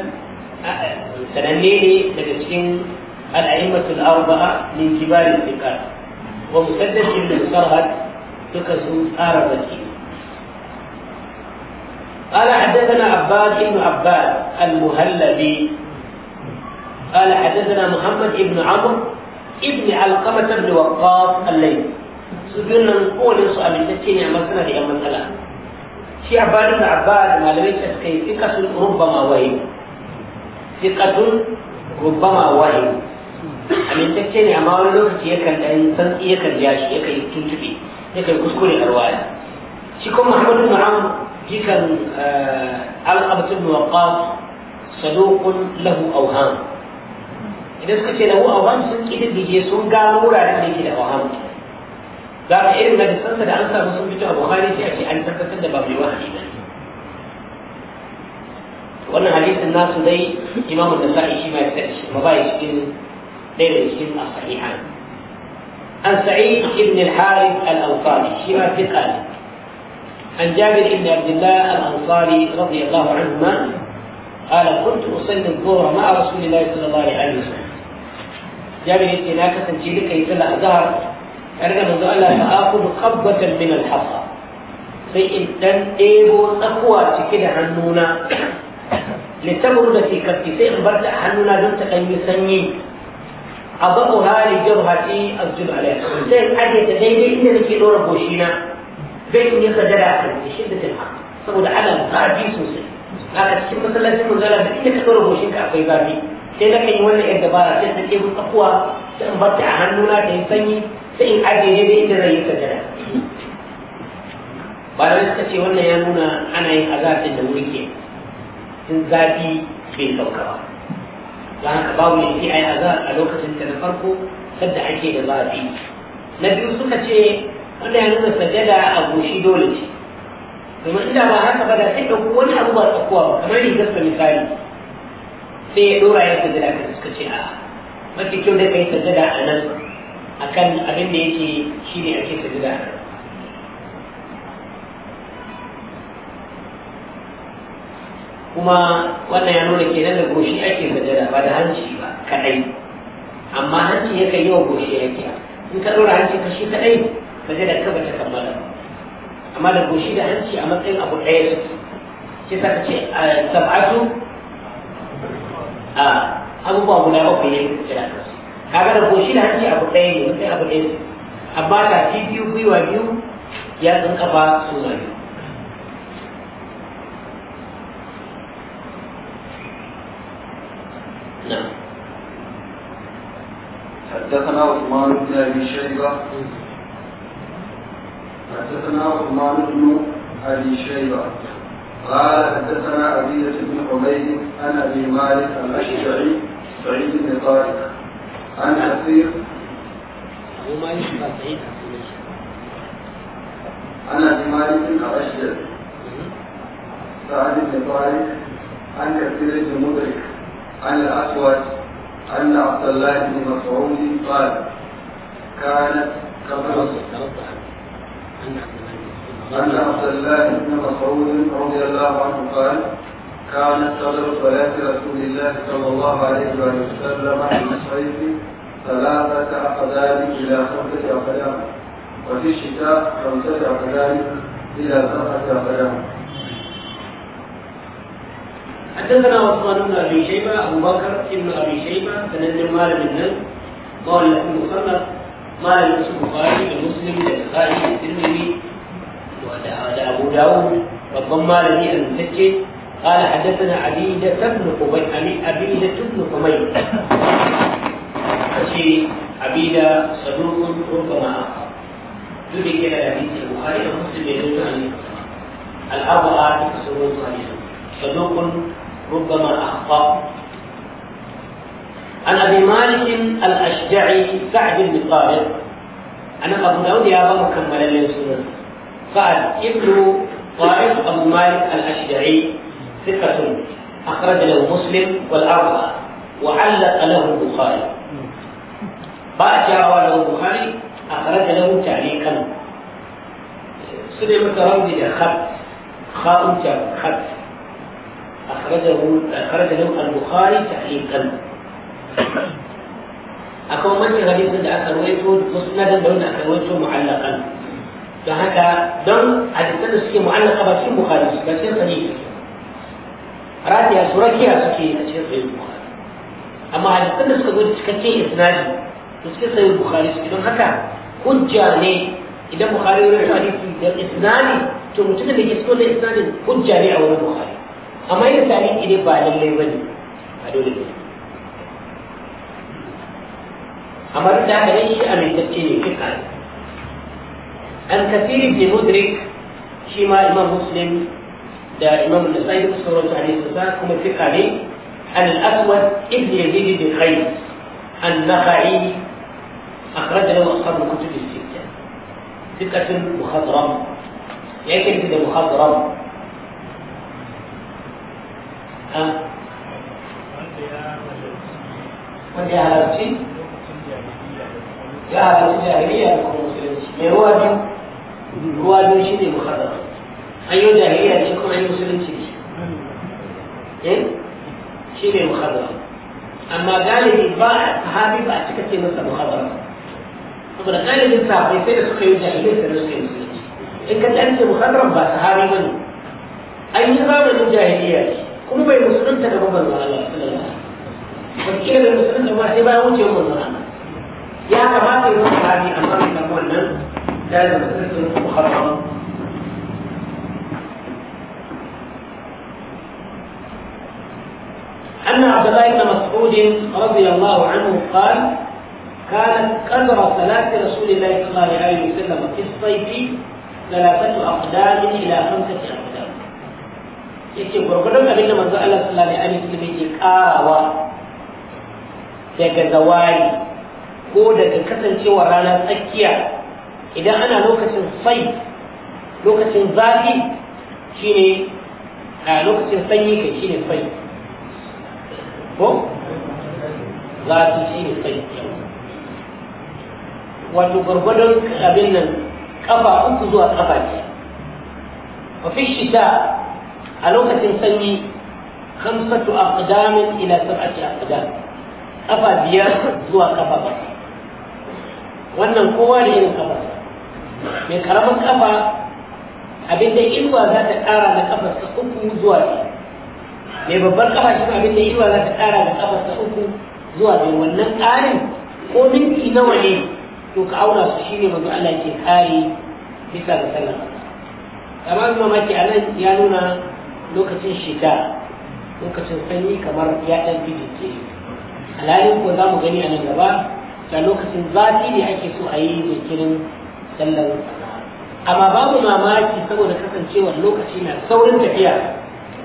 sananne ne daga cikin al'aimatul arba'a min kibar al-thiqat wa musaddad ibn sarhat duka su araba ne قال حدثنا عباد بن عباد المهلبي قال حدثنا محمد بن عمرو ابن علقمة بن وقاص الليل سجلنا نقول سؤال التتيني عمل سنة في أمن الله شيء عباد بن عباد ما لم يتسكي ثقة ربما وهم ثقة ربما وهم amintacce ne amma wani lokaci yakan ɗan san yakan ja yakan yi tuntuɓe yakan kuskure a ruwaya shi kuma muhammadu ibn amr jikan lahu idan suka ce lahu awham sun kididdige sun gano wuraren da yake da awham za ka irin na da an samu sun fito a buhari sai a ce an tabbatar da ba mai wahayi ba wannan hadisin nasu dai da sa'i shi ma ya fitar shi ma ba ya cikin ɗaya da cikin as-sahihan an sa'id ibn al-harith al-ansari shi ma fiqa ne an jabir ibn abdullah al-ansari radiyallahu anhu ma قال كنت أصلي الظهر مع رسول الله صلى الله عليه وسلم jami'in ce na kasance duka yi sallah azhar tare da manzo Allah ta akudu qabbatan min al-hasa sai in dan ɗebo tsakuwa cike da hannuna littabar da ke kafi sai in bar da hannuna don ta ɗanyi sanyi a babu hali jabhati azjul alaiha sai in ajiye ta daidai inda nake ɗora goshina zai in yi sajada a kan shi da tilha saboda ana zafi sosai a cikin masallacin mu zara da ita ka ɗora goshinka akwai zafi sai na kan yi wannan yadda ba sai ta ɗebo tsakuwa sai in bar ta a hannuna da yin sanyi sai in aje ne inda zai yi sajada ba da suka ce wannan ya nuna ana yin azafin da wuri ke in zafi bai sauka ba don haka babu ne sai ai yi a lokacin ta na farko sadda ake da zafi na biyu suka ce wannan ya nuna sajada a goshi dole ce domin inda ba haka ba da sai ɗauko wani abu ba tsakuwa ba kamar rigar misali sai ya dora ya sajada ka suka ce a mafi kyau da kai sajada a nan a kan abin da yake ne ake sajada a kuma wannan ya nuna kenan da goshi ake sajada ba da hanci ba kadai amma hanci ya kai yawan goshi ya kiya in ka dora hanci ka shi kadai sajada ka ta kammala amma da goshi da hanci a matsayin abu ɗaya su ce sa ka ce sab'atu a abubuwa guda uku ne kuce da kansu kaga da goshi na hanci abu ɗaya ne mutum abu ɗaya amma ta fi biyu gwiwa biyu ya tsin kafa su biyu حدثنا عثمان بن ابي شيبه حدثنا عثمان بن ابي شيبه قال حدثنا عبيدة بن حميد عن أبي مالك الأشجعي سعيد بن طارق عن كثير عن أبي مالك الأشجعي سعد بن طارق عن كثير بن مدرك عن الأسود أن عبد الله بن مسعود قال كانت قبل أن عبد الله عن عبد الله بن مسعود رضي الله عنه قال كانت قدر صلاة رسول الله صلى الله عليه وسلم في الصيف ثلاثة أقدام إلى خمسة أقدام وفي الشتاء خمسة أقدام إلى سبعة أقدام حدثنا عثمان بن ابي شيبه ابو بكر بن ابي شيبه فنزل مال بن نزل قال المصنف مال البخاري ومسلم والبخاري والترمذي داود babban malami amintacce قال حدثنا عبيدة بن حميد عبيدة بن قبي أشي عبيدة صدوق ربما أخطأ تدرك إلى حديث البخاري ومسلم يدل عن الأربعة صدوق صدوق ربما أخطأ عن أبي مالك الأشجعي سعد بن طارق أنا أبو داود يا أبا مكمل للسنة قال ابن طائف أبو مالك الأشجعي ثقة أخرج له مسلم والأربعة وعلق له البخاري بعد جاء له البخاري أخرج له تعليقا سلم الترمذي خط خاء خط أخرجه أخرج له البخاري تعليقا أكون من حديث عند أكرويته مسندا دون أكرويته معلقا don haka don hadisan da suke mu'allaka ba cikin bukhari su ba cikin sahih rafiya su rakiya suke a cikin sahih bukhari amma hadisan da suka zo da cikakken isnadi to suke sahih bukhari suke don haka hujja ne idan bukhari ya rawaito hadisi da isnadi to mutumin da ke so da isnadin hujja ne a wurin bukhari amma yin tarihi idan ba lallai ne, a dole ne amma da haka ne shi amintacce ne kai الكثير في مدرك شيما إمام مسلم ده إمام النسائي سورة عليه السلام هم عن الأسود ابن يزيد بن خيس النخعي أخرج له أصحاب الكتب الستة ثقة مخضرم يعني كده مخضرم ها وانت يا هلالسي يا هلالسي جاهلية يا هلالسي جاهلية يا هلالسي ruwa biyu shi ne muharrar an yi jahiliya ne kuma an yi musulunci ne shi ne muharrar amma galibi ba a sahabi ba a cika ce masa muharrar saboda galibin sahabai sai da suka yi jahiliya sai da suka yi musulunci in ka ce muharrar ba sahabi ba ne an yi zamanin jahiliya ne kuma bai musulunta da babban Allah sallallahu alaihi wasallam wakilin da musulunta ba sai bayan wuce wannan ya kamata ya zama sahabi amma bai wannan كان عن عبد الله بن مسعود رضي الله عنه قال كانت قدر صلاة رسول الله صلى الله عليه وسلم في الصيف ثلاثة أقدام إلى خمسة أقدام يكي بربنا أبينا من الله صلى الله عليه وسلم يكي آوى كي قدواي قودة كتن تي ورانا تكيا idan ana lokacin sai lokacin zafi shine a lokacin sanyi kai shine sai ko zafi shine sai wato gwargwadon abin nan kafa uku zuwa kafa ce wafi shita a lokacin sanyi khamsatu aqdamin ila a aqdam kafa biyar zuwa kafa bakwai wannan kowa da yin kafa mai karamin kafa abinda inuwa za ta kara da kafar uku zuwa biyu mai babbar kafa shi abinda inuwa za ta kara da kafar uku zuwa biyu wannan karin ko minti nawa ne to ka auna su shine manzo Allah ke kare bisa da sallama amma mamaki a nan ya nuna lokacin shida lokacin sanyi kamar ya ɗan bidice alhalin ko za mu gani a nan gaba da lokacin zafi ne ake so a yi jinkirin sallar amma babu mamaki saboda kasancewar lokaci na saurin tafiya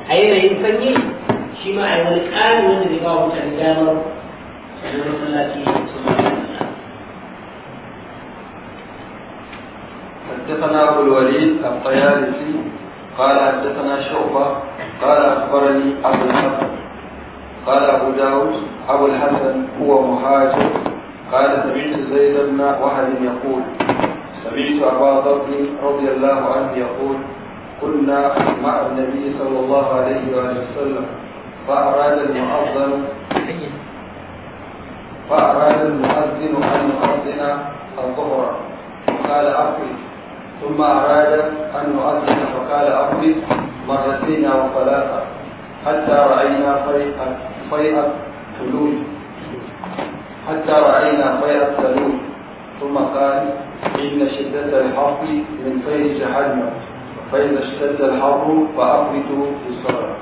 a yanayin sanyi shi ma a yi wani ƙari wanda zai ba wa mutane damar shigar masallaci su ma حدثنا ابو الوليد الطيالسي قال حدثنا شعبه قال اخبرني ابو الحسن قال ابو داود ابو الحسن هو مهاجر قال سمعت زيد بن وهب يقول سمعت أبا ضرب رضي الله عنه يقول كنا مع النبي صلى الله عليه وآله وسلم فأراد المؤذن فأراد المؤذن أن يؤذن الظهر فقال أقبل ثم أراد أن يؤذن فقال أقبل مرتين أو ثلاثة حتى رأينا فيئة فيء حتى رأينا فيئة الثلوج ثم قال إن شدة الحرب من فيض جهنم فإذا اشتد الحرب فأقبتوا في الصلاة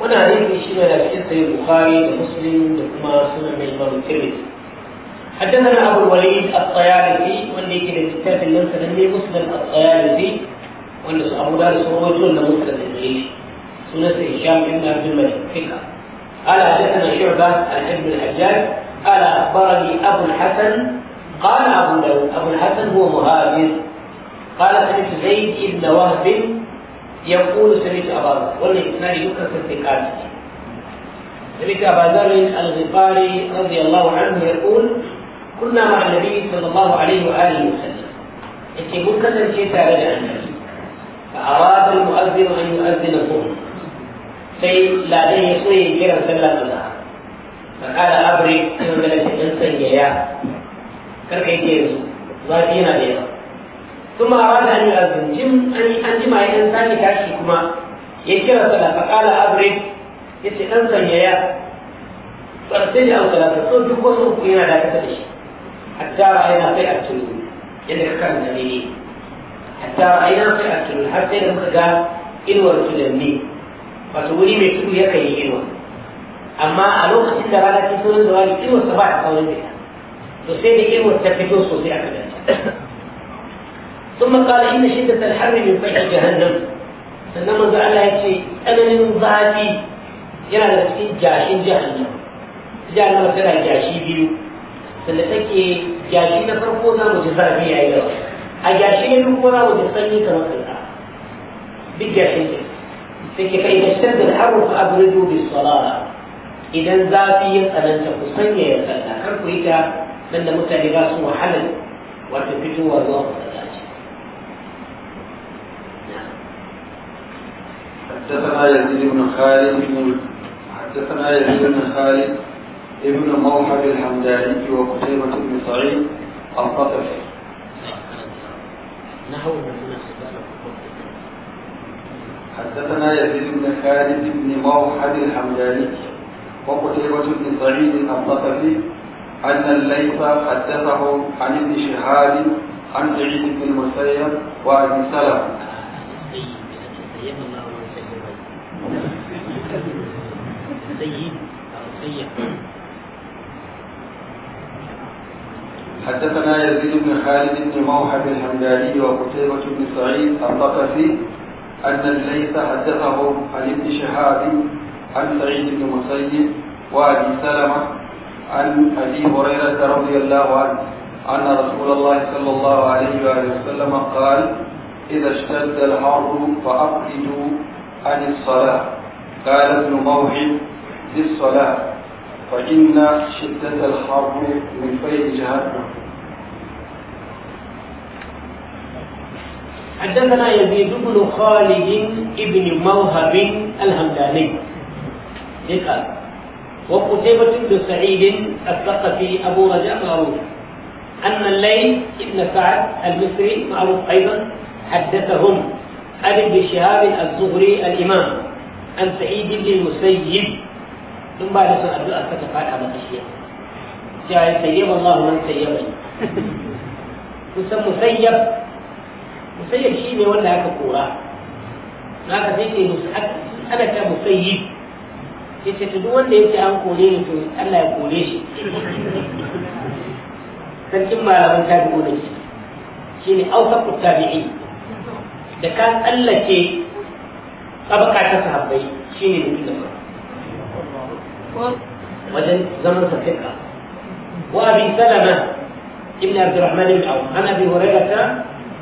هنا hadisi shi ne da cikin sayi bukhari da muslim da kuma sunan حدثنا ابو الوليد الطيالسي واللي كده كتاب اللمسه لمي مسلم الطيالسي واللي ابو دار سويته لنا مسلم الانجليزي سنه هشام بن عبد الملك فكرة قال حدثنا شعبه عن ابن الحجاج قال أخبرني أبو الحسن قال أبو داود أبو الحسن هو مهاجر قال سمعت زيد بن وهب يقول سمعت أبا ذر والإسناد يذكر في الثقات سمعت أبا ذر الغفاري رضي الله عنه يقول كنا مع النبي صلى الله عليه وآله وسلم إنت قلت شيء تابع النبي فأراد المؤذن أن يؤذن الظهر سي لا دين يصلي كيرا سلام الله ka da abri suna gane ce ɗan sanyaya karka ke yanzu za ta yana da yawa kuma a rana ne a zancin an yi an jima yan sani tashi kuma ya kira sa da ka ka da abri ya ce ɗan sanyaya tsarsai da amsa da ta so duk wasu uku yana da kasa da shi a tara a yana sai a tuni yadda ka karanta ne ne a tara a yana sai a tuni har sai da muka ga inuwar tunanni wato wuri mai tudu ya kai inuwar amma a lokacin da rana ta saurin da wani kiwon ta ba ta saurin da to sai da kiwon ta fito sosai a kan ثم قال إن شدة الحر من فيح جهنم sannan manzo Allah ya ce tsananin zafi yana da cikin jashin jahannam jahannam tana jashi biyu sannan take jashi na farko za mu ji zafi yayi yawa a jashi na biyu za mu ji sanyi kamar kanka duk jashin ne take kai da shaddan haru fa abridu bis salat idan zafi ya tsananta ku sanya ya tsalla kar ku yi ta nan da mutane ba su wahala wato fitowa zuwa ce. حدثنا يزيد بن خالد بن حدثنا يزيد بن خالد ابن موحد الحمداني وقتيبة بن سعيد القطفي حدثنا يزيد بن خالد بن موحد الحمداني وقتيبة بن سعيد الثقفي أن الليث حدثه عن ابن شهاب عن سعيد بن المسيب وأبي سلمة حدثنا يزيد بن خالد بن موحب الهمداني وقتيبة بن سعيد الثقفي أن الليث حدثه عن ابن شهاب عن سعيد بن مسيب وأبي سلمة عن أبي هريرة رضي الله عنه أن رسول الله صلى الله عليه وآله وسلم قال إذا اشتد الحر فابعدوا عن الصلاة قال ابن موحد للصلاة فإن شدة الحر من فيء جهنم حدثنا يزيد بن خالد بن موهب الهمداني ثقة وقتيبة بن سعيد الثقفي أبو رجاء معروف أن الليل بن سعد المصري معروف أيضا حدثهم عن ابن شهاب الزهري الإمام عن سعيد بن المسيب ثم بعد سنة أبو أثبت على هذا الشيء جاء سيب الله من سيبني يسمى مسيب مسيب شيء ولا هكا كورة kora na ka أنا كمسيب yace to duk wanda yace an kore ni to Allah ya kore shi sarkin malaman tabi'u ne shine awsaqut tabi'i da ka tsallake tsabaka ta sahabbai shine mutum da wajen zaman sa fiqa wa abi salama ibn abdurrahman ibn awf an abi hurairah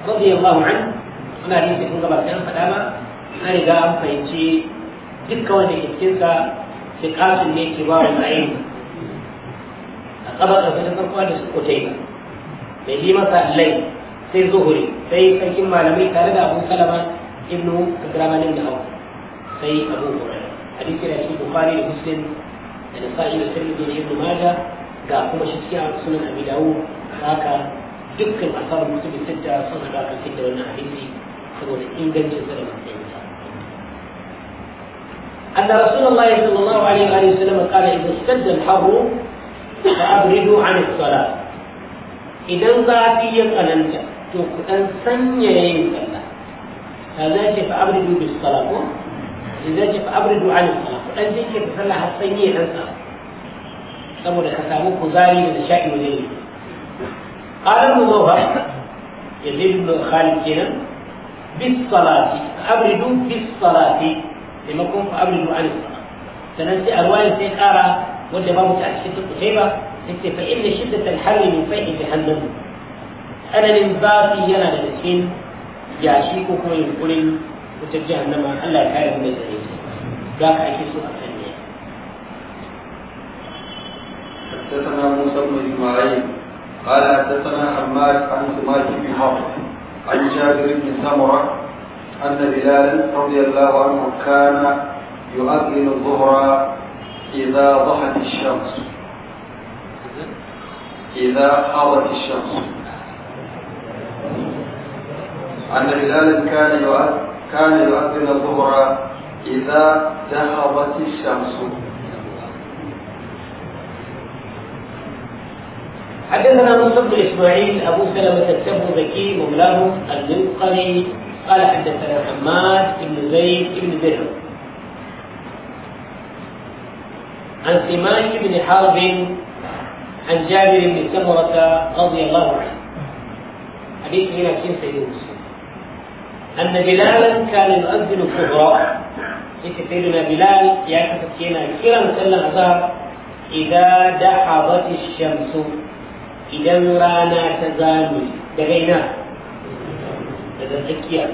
radiyallahu anhu ana hadisi kun gaba kan fadama an riga an fahimci dukkan wanda ke cikin sa. sikatun ne ke ba wa na'im a tsabata ta farko da su kutai da yi masa lai sai zuhuri sai sarkin malamai tare da abu salama ibnu kadramanin da hawa sai abu hurairah hadisi da shi bukhari da muslim da nasa'i da tirmidhi da ibnu majah ga kuma shi cikin sunan abi dawud haka dukkan asabar mutum da sun hada kan cikin wannan hadisi saboda ingancin sa da matsayin أن رسول الله صلى الله عليه وآله وسلم قال إذا اشتد الحر فأبردوا عن الصلاة إذا ذاتي أنت تقول سنيين صلاة هذا كيف أبردوا بالصلاة إذا كيف أبردوا عن الصلاة فأنت كيف صلى حسيني أنت saboda ka samu kuzari da nishaɗi wajen yi قال ابن ظهر يزيد بن خالد كنا بالصلاة أبردوا بالصلاة taimakon fa abin du'a sannan sai a ruwayin sai kara wanda babu ta a cikin ta kutai ba sai ce fa inda shiddatal harri min faihi jahannamu tsananin zafi yana da cikin yashi ko kuma yunkurin wutar jahannama Allah ya kare mu da tsare shi za ka ake so a kan ne حدثنا موسى بن اسماعيل قال حدثنا حماد عن سماك hau an عن جابر بن أن بلال رضي الله عنه كان يؤذن الظهر إذا ضحت الشمس إذا خاضت الشمس أن بلالا كان يؤذن كان يؤذن الظهر إذا ذهبت الشمس حدثنا مصطفى إسماعيل أبو سلمة ذكي مولاه المنقري قال حدثنا حماد بن زيد بن درهم عن سماك بن حرب عن جابر بن سمرة رضي الله عنه حديث من في سيدنا أن بلالا كان يؤذن الكبرى يكتب سيدنا بلال يكتب هنا كيرا مسلم ظهر إذا دحضت الشمس إذا نرانا تزالي دغيناه da dan tsakiya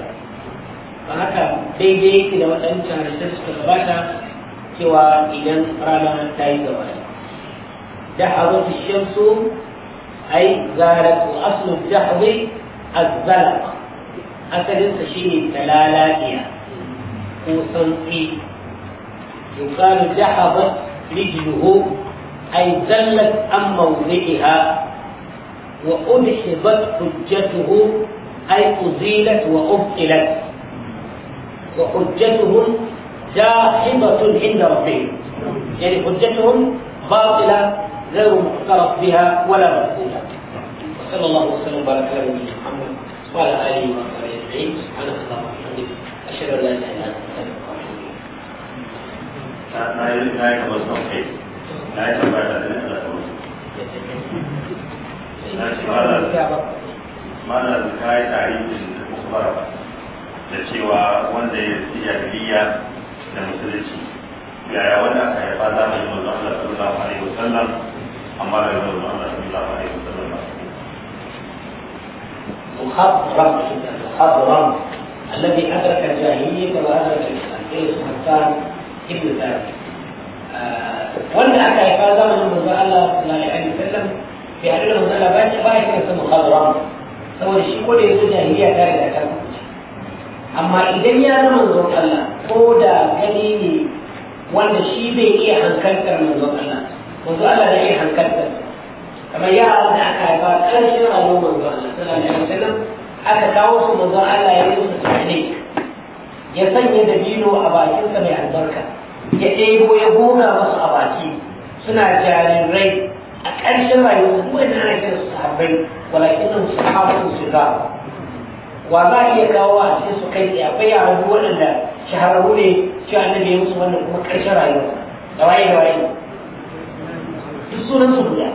a haka daidai yake da waɗancan hadisai suka gabata cewa idan rana ta yi gaba da harufi shamsu ai zaratu aslu jahri azzalaq asalin sa shine talalaliya ko santsi yuqalu jahabat rijluhu ay zallat an mawdi'iha wa udhibat hujjatuhu أي أزيلت وأبطلت وحجتهم جاحظة عند ربهم يعني حجتهم باطلة غير معترف بها ولا مقبولة وصلى الله وسلم وبارك على نبينا محمد وعلى آله وصحبه أجمعين سبحانك اللهم وبحمدك أشهد أن لا إله إلا أنت أستغفرك وأتوب إليك. Na yi mana da ta yi tarihin mukbara da cewa wanda ya fi jahiliya da musulunci yaya wanda aka haifa zamanin manzon Allah sallallahu alaihi wasallam amma da manzon Allah sallallahu alaihi wasallam مخضرم مخضرم الذي أدرك الجاهلية وأدرك الإسلام إيه سلطان ابن ذلك وأن أكا يفاز من الله صلى الله عليه وسلم في أدلة المزالة باية باية كنت مخضرم saboda shi ko da yanzu jahiliya ta riga ta kuce amma idan ya zama manzon Allah ko da gani ne wanda shi bai iya hankaltar manzon Allah manzon Allah da iya hankaltar kamar yara da aka haifa karshen rayuwar manzon Allah sallallahu alaihi wasallam aka kawo su manzon Allah ya yi musu tsane ya sanya dabino a bakinsa mai albarka ya ɗebo ya gona masu a baki suna jarirai a ƙarshen rayuwar su wanda ana kiran su sahabbai ولكنه صحابه صغار وما هي كواه في سكيت يا بيع ربول الا شهر ولي شو عندنا اليوم سوال مكر شهر ايوه دواي دواي بسونا سوريا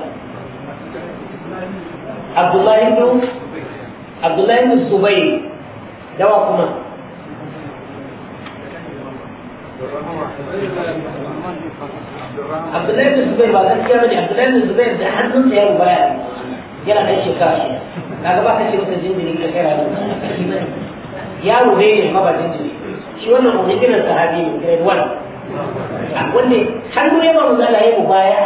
عبد الله بن عبد الله بن الزبير دواء كما عبد الله بن الزبير بعد كده عبد الله بن الزبير ده حد من يا yana da shekara shida kaga ba ka ce masa jinjiri ka kai rayu yaro dai ne maba jinjiri shi wannan original sahabi ne grade one wanda har mu yaba mu zala yayi baya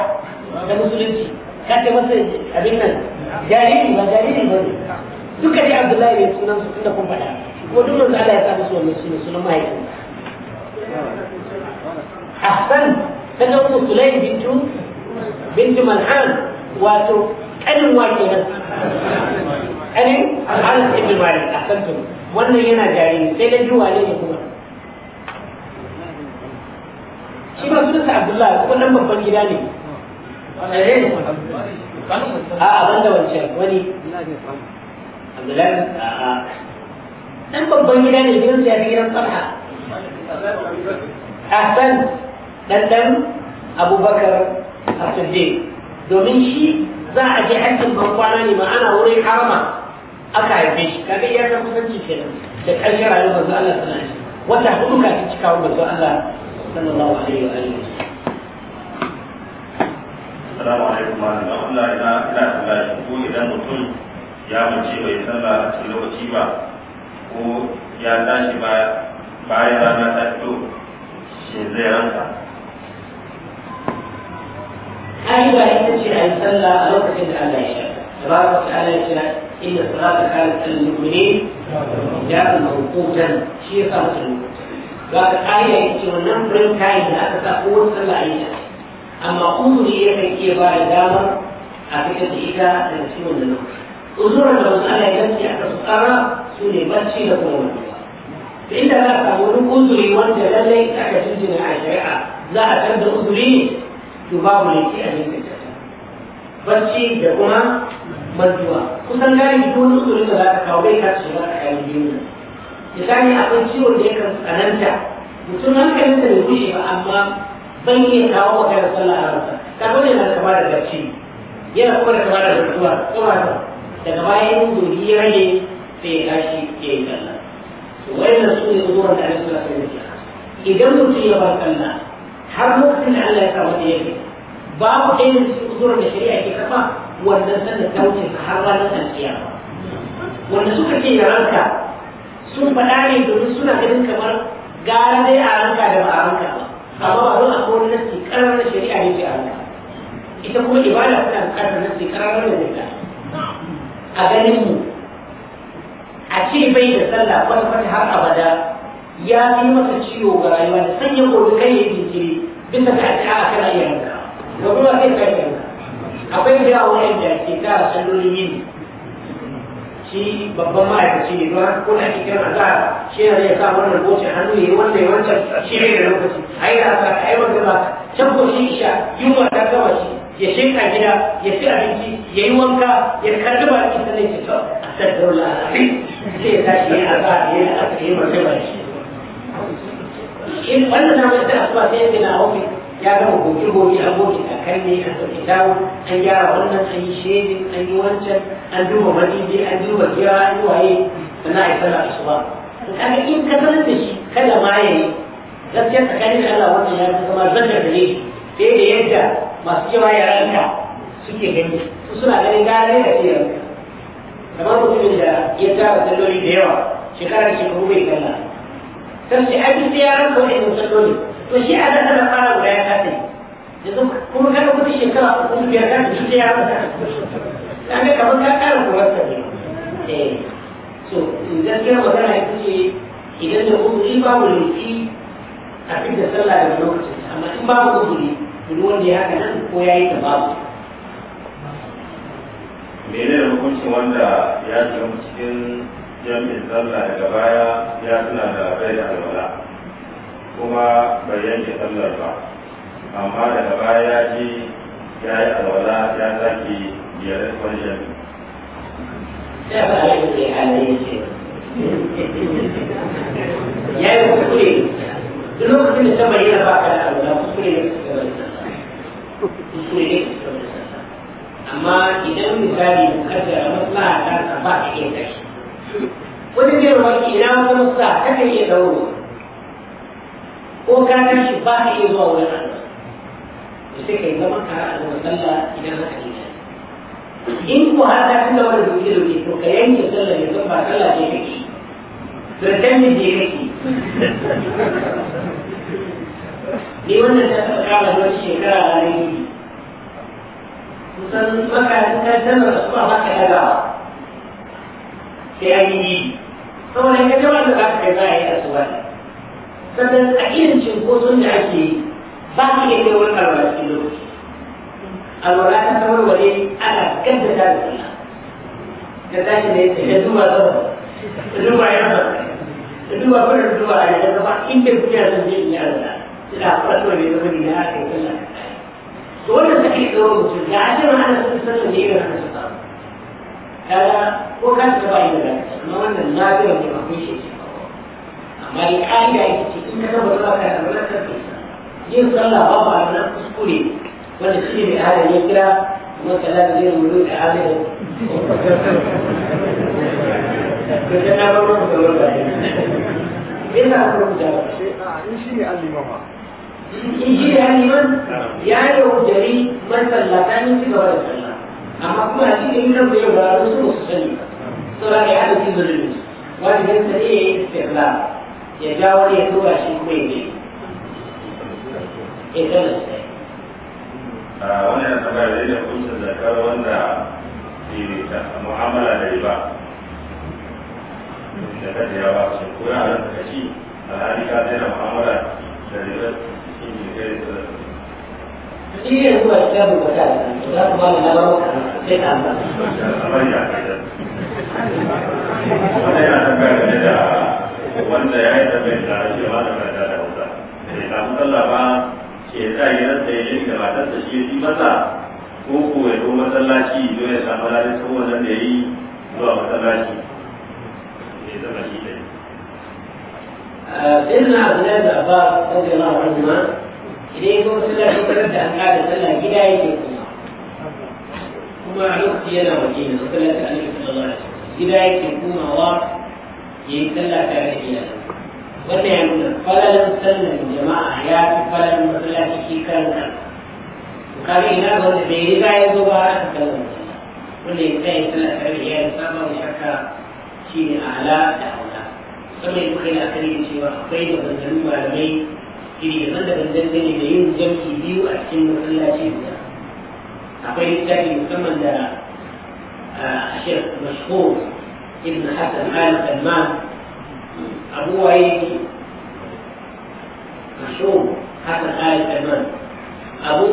da musulunci ka ce masa abin nan jariri ba jariri ba ne duka dai Abdullahi ne sunan su inda kun faɗa ko duk wanda Allah ya sa musu wannan sunan sunan mahaifin ahsan kaga mu Sulaim bintu bintu Mal'an wato kanin wa kenan kanin Anas ibn Malik ahsantum wannan yana ne sai da juwa ne kuma shi ma sunansa Abdullah kuma nan babban gida ne a ban da wancan wani Abdullahi a Nan babban gida ne gidan sa ya gidan Talha Ahsan dan dan Abubakar as domin shi za a je aikin kwana ne ma ana wurin harama aka haife shi kaga iya ka kusanci kenan da ƙarshen rayuwar manzo Allah sallallahu alaihi wasallam wata hudu ka cika wa manzo Allah sallallahu alaihi wa alihi Assalamu alaikum wa rahmatullahi ina ina tambaya ko idan mutum ya mace bai sallah a cikin lokaci ba ko ya tashi ba bayan rana ta fito shi zai ranka ka'ida ita ce a yi sallah a lokacin da Allah ya sha da ba ta ala ya ce inda salata kalat al-mu'minin da al-mawqutan shi ya sa mutum ba ka ka'ida ita ce wannan brain time da aka sa ko wani sallah a yi ta amma umuri ya kan iya ba da damar a fitar da ita daga cikin wannan lokaci uzuran da wasu Allah ya dace aka su tsara su ne bacci da kuma wani da inda za a samu wani uzuri wanda lallai aka jinjina a shari'a za a canza uzuri to babu ne ke abin da barci da kuma mantuwa kusan gani duk wani uzuri da za ka kawo bai ka shiga a kayan biyu nan misali akwai ciwon da kan tsananta mutum hankalinsa bai bushe ba amma ban iya kawo wa kayan sallah a rasa ka zo yana kama da barci yana kuma da kama da mantuwa kuma daga bayan uzuri ya rage sai ya tashi ya yi sallah to wannan su ne uzurin da ake sallah sai idan mutum ya bar sallah har lokacin da Allah ya samu da yake babu ɗaya da cikin uzurin da shari'a ke kafa wannan da tauce ka har ranar alkiyama wanda suka ke ranka sun faɗa ne domin suna ganin kamar gara dai a ranka da ba a ranka ba amma ba don akwai wani nasi ƙarar shari'a ne ke a ranka ita kuma ibada tana buƙatar nasi ƙarar da zai a ganin mu a ce bai da sallah kwata-kwata har abada ya yi masa ciwo ga rayuwa da sanya koyi kai ya jinkiri bisa ta ta a kana iya yanka ga kuma sai ka yanka akwai da yawa wanda ke tara sallolin yin. shi babban ma'aikaci ne don haka kuna ke kiran azhar shi ne zai sa wannan gocin hannu ya yi wanda ya wancan shi ne da lokaci a yi rasa a yi wanda ba can ko shi isha yunwa ta gama shi ya shirka gida ya fi abinci ya yi wanka ya karbi baki sannan ya ce to a sassan lafi sai ya tashi ya yi azhar ya yi a tsaye mai shi in wannan na wata asuwa sai ya gina ofi ya gama gobe gobe a gobe a kan ne a sauke dawo an gyara wannan an yi shedin an yi wancan an duba madidi an duba gira an yi waye da na yi da asuba kaga in ka sanar da shi kada ma ya yi gaskiya tsakanin da Allah wannan ya zama zanjar da ne sai da yadda masu cewa yaranka suke gani su suna ganin gane da ce kamar mutumin da ya tara salloli da yawa shekarar shekaru bai kalla kan ce ai duk yaran ko ne mutum dole to shi a nan da fara guda ya kace yanzu kuma kana kudi shekara uku biyar kan duk yaran ta kaga kamar ka kara kuma ka ne eh so gaskiya magana ita ce idan da ba babu laifi a fi da sallah da lokaci amma in babu uzuri duk wanda ya haka nan ko ya yi da babu menene hukuncin wanda ya shiga cikin ya sallah daga baya ya tuna da bai da alwala kuma bai yanke sallar ba amma daga baya ya ji ya yi alwala ya sake biyar kwanciyar ya yi kuskure duk lokacin da ta bayyana ba ka da alwala kuskure kuskure ne amma idan misali mukaddara maslaha ta ba ka iya tashi wani zai wanke ina wani sa kaka iya dauro ko ka tashi ba ka iya zuwa wurin Allah to sai yi zaman ka a zuwa sallah idan haka ne in ko har ka tunda wani doke doke to ka yanke sallah ya zama sallah ne kake to dan ne je kake ni wannan ta taɓa kama da wata shekara a rai kusan maka ta tana da kuma maka daga sai an yi saboda in kaje da za ka kai za a yi ne sannan a irin cinkoson da ake yi ba ka iya kai wani alwala cikin lokaci alwala ta tawarware ana gaddada da sallah da tashi ne ya zuba zama da zuba ya zama da zuba farar zuwa a yanzu ba inda kuke sun je in yi alwala suna faɗo ne zama ne na aka yi sallah to wannan da ake mutum da ajiyar ana sun sallah ne irin haka kaga ko kan ta bai da lafiya amma wannan lafiya ne ba kun shi amma dai ka'ida ita ce in ka gaba zuwa ka da wannan karfe yin sallah ba ba na kuskure wanda shi ne hada ya kira kuma kala da zai mulu da hali da ko ta na bar mu da wannan ina ko da in shi ne allimama in shi ne alliman ya yi wa jari masallata ne su gaba da sallah amma kuma a cikin nan da yawa da su su sani saboda ya hada cikin zulmi wani zai ta iya yin istirla ya ja wani ya tura shi kuma ya ce ya tana su kai wani yana tambaya da yadda kuncin zakar wanda ke mu'amala da riba da ta da yawa sun koya da nan kashi alhali ka zai na mu'amala da riba shi ne zuwa da zakar za ku ba mu na baro sai ka amsa wanda ya tambaya ne da wanda ya yi tambayar da shi ba da mai da hausa sai ta mun Allah ba ke sa yi rasa yi da matar da shi yi masa ko ko ya zo masallaci zo ya samu lalai saboda da ya yi zuwa masallaci ne zama shi eh, ne. Sayyidina Abdullahi da Abbas radiyallahu anhu idan ya zo masallaci tarar da an da sallah gida yake kuma kuma a lokaci yana waje da masallaci a lokaci da zuwa gida yake komawa ya yi sallah tare da iyalan Wanda ya nuna falalan sallar jama'a ya fi falalan masallaci shi kanka to kare ina ga wanda bai riga ya zo ba aka sallar wanda ya tsaye sallah tare da iyalan sa ba shakka shi ne ala da aula saboda kuka yi la'akari da cewa akwai da malamai shi ne nazarin dangane da yin jam'i biyu a cikin masallaci guda akwai littafi musamman da shek mashhur ibn hassan al salman abuwa yake mashhur hassan al salman abu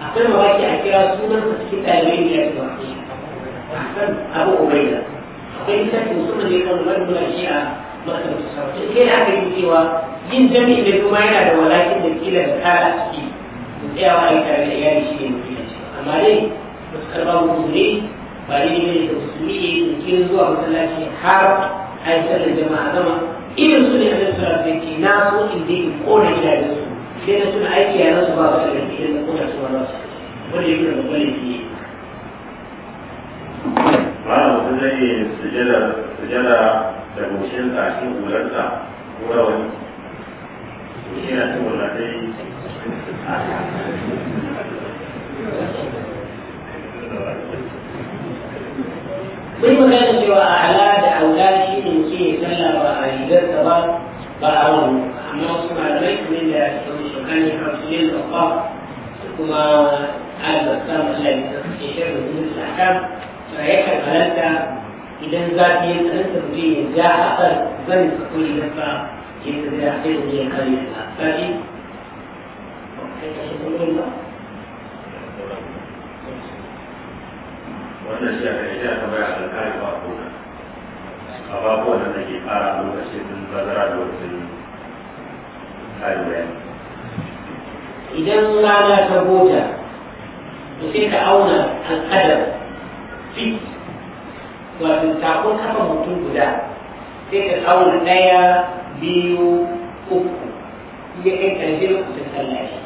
akwai mawaki a kira sunan sa cikin ɗalibai ne ya ce abu ubaida akwai littafi musamman da ya kan wani a shi'a masu ke da aka yi cewa yin jami'i da kuma yana da walakin da kila da kara a ciki da tsayawa a yi tare da iyali shi ne mutum amma dai wasu karɓa hutu ne ba dai ne da musulmi ne, da jinkirin zuwa masallaci har a da jama'a zama irin su ne a nan sura da ke na so in dai in kona gidajen su sai na suna aiki yaran su ba su da idan na kona su ba su wanda ya kira da wani ke Ma'ana mutum zai yi sujada da goshinsa a cikin hularsa ko rawani to shi na cin wallatai mun magana cewa a ala da aula shi ne ke sallah ba a rigarsa ba ba a wani amma wasu malamai kuma da su shekani hamsin da kwa kuma albarta malamai da suke shirin da su a kan to yakan halatta idan za zafi ya tsananta mutum ya ja a kan zan ko idan ba ya tafi da sai da ya kare ta zafi kai ka shi kullum ba wannan shi a kai shi a kamar alkali ba ko na a ba ko na da ke fara lokacin bazara da lokacin kare bayani idan rana ta bota to sai ka auna alkadar fit wato takon kafa mutum guda sai ka kawo ɗaya biyu uku ya kai ƙarshe da kusa sallah shi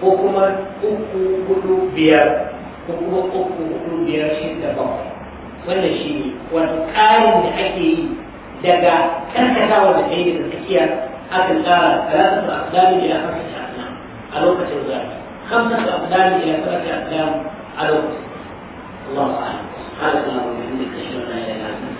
ko kuma uku hudu biyar ko kuma uku hudu biyar shida bakwai wannan shi ne wato ƙarin da ake yi daga karkatawa da ɗaya daga tsakiya akan ƙara salatu al-aqdami ila khamsati aqdam a lokacin zafi khamsatu aqdami ila khamsati aqdam a lokacin Allahu a'lam al-umar da suke shi wannan yana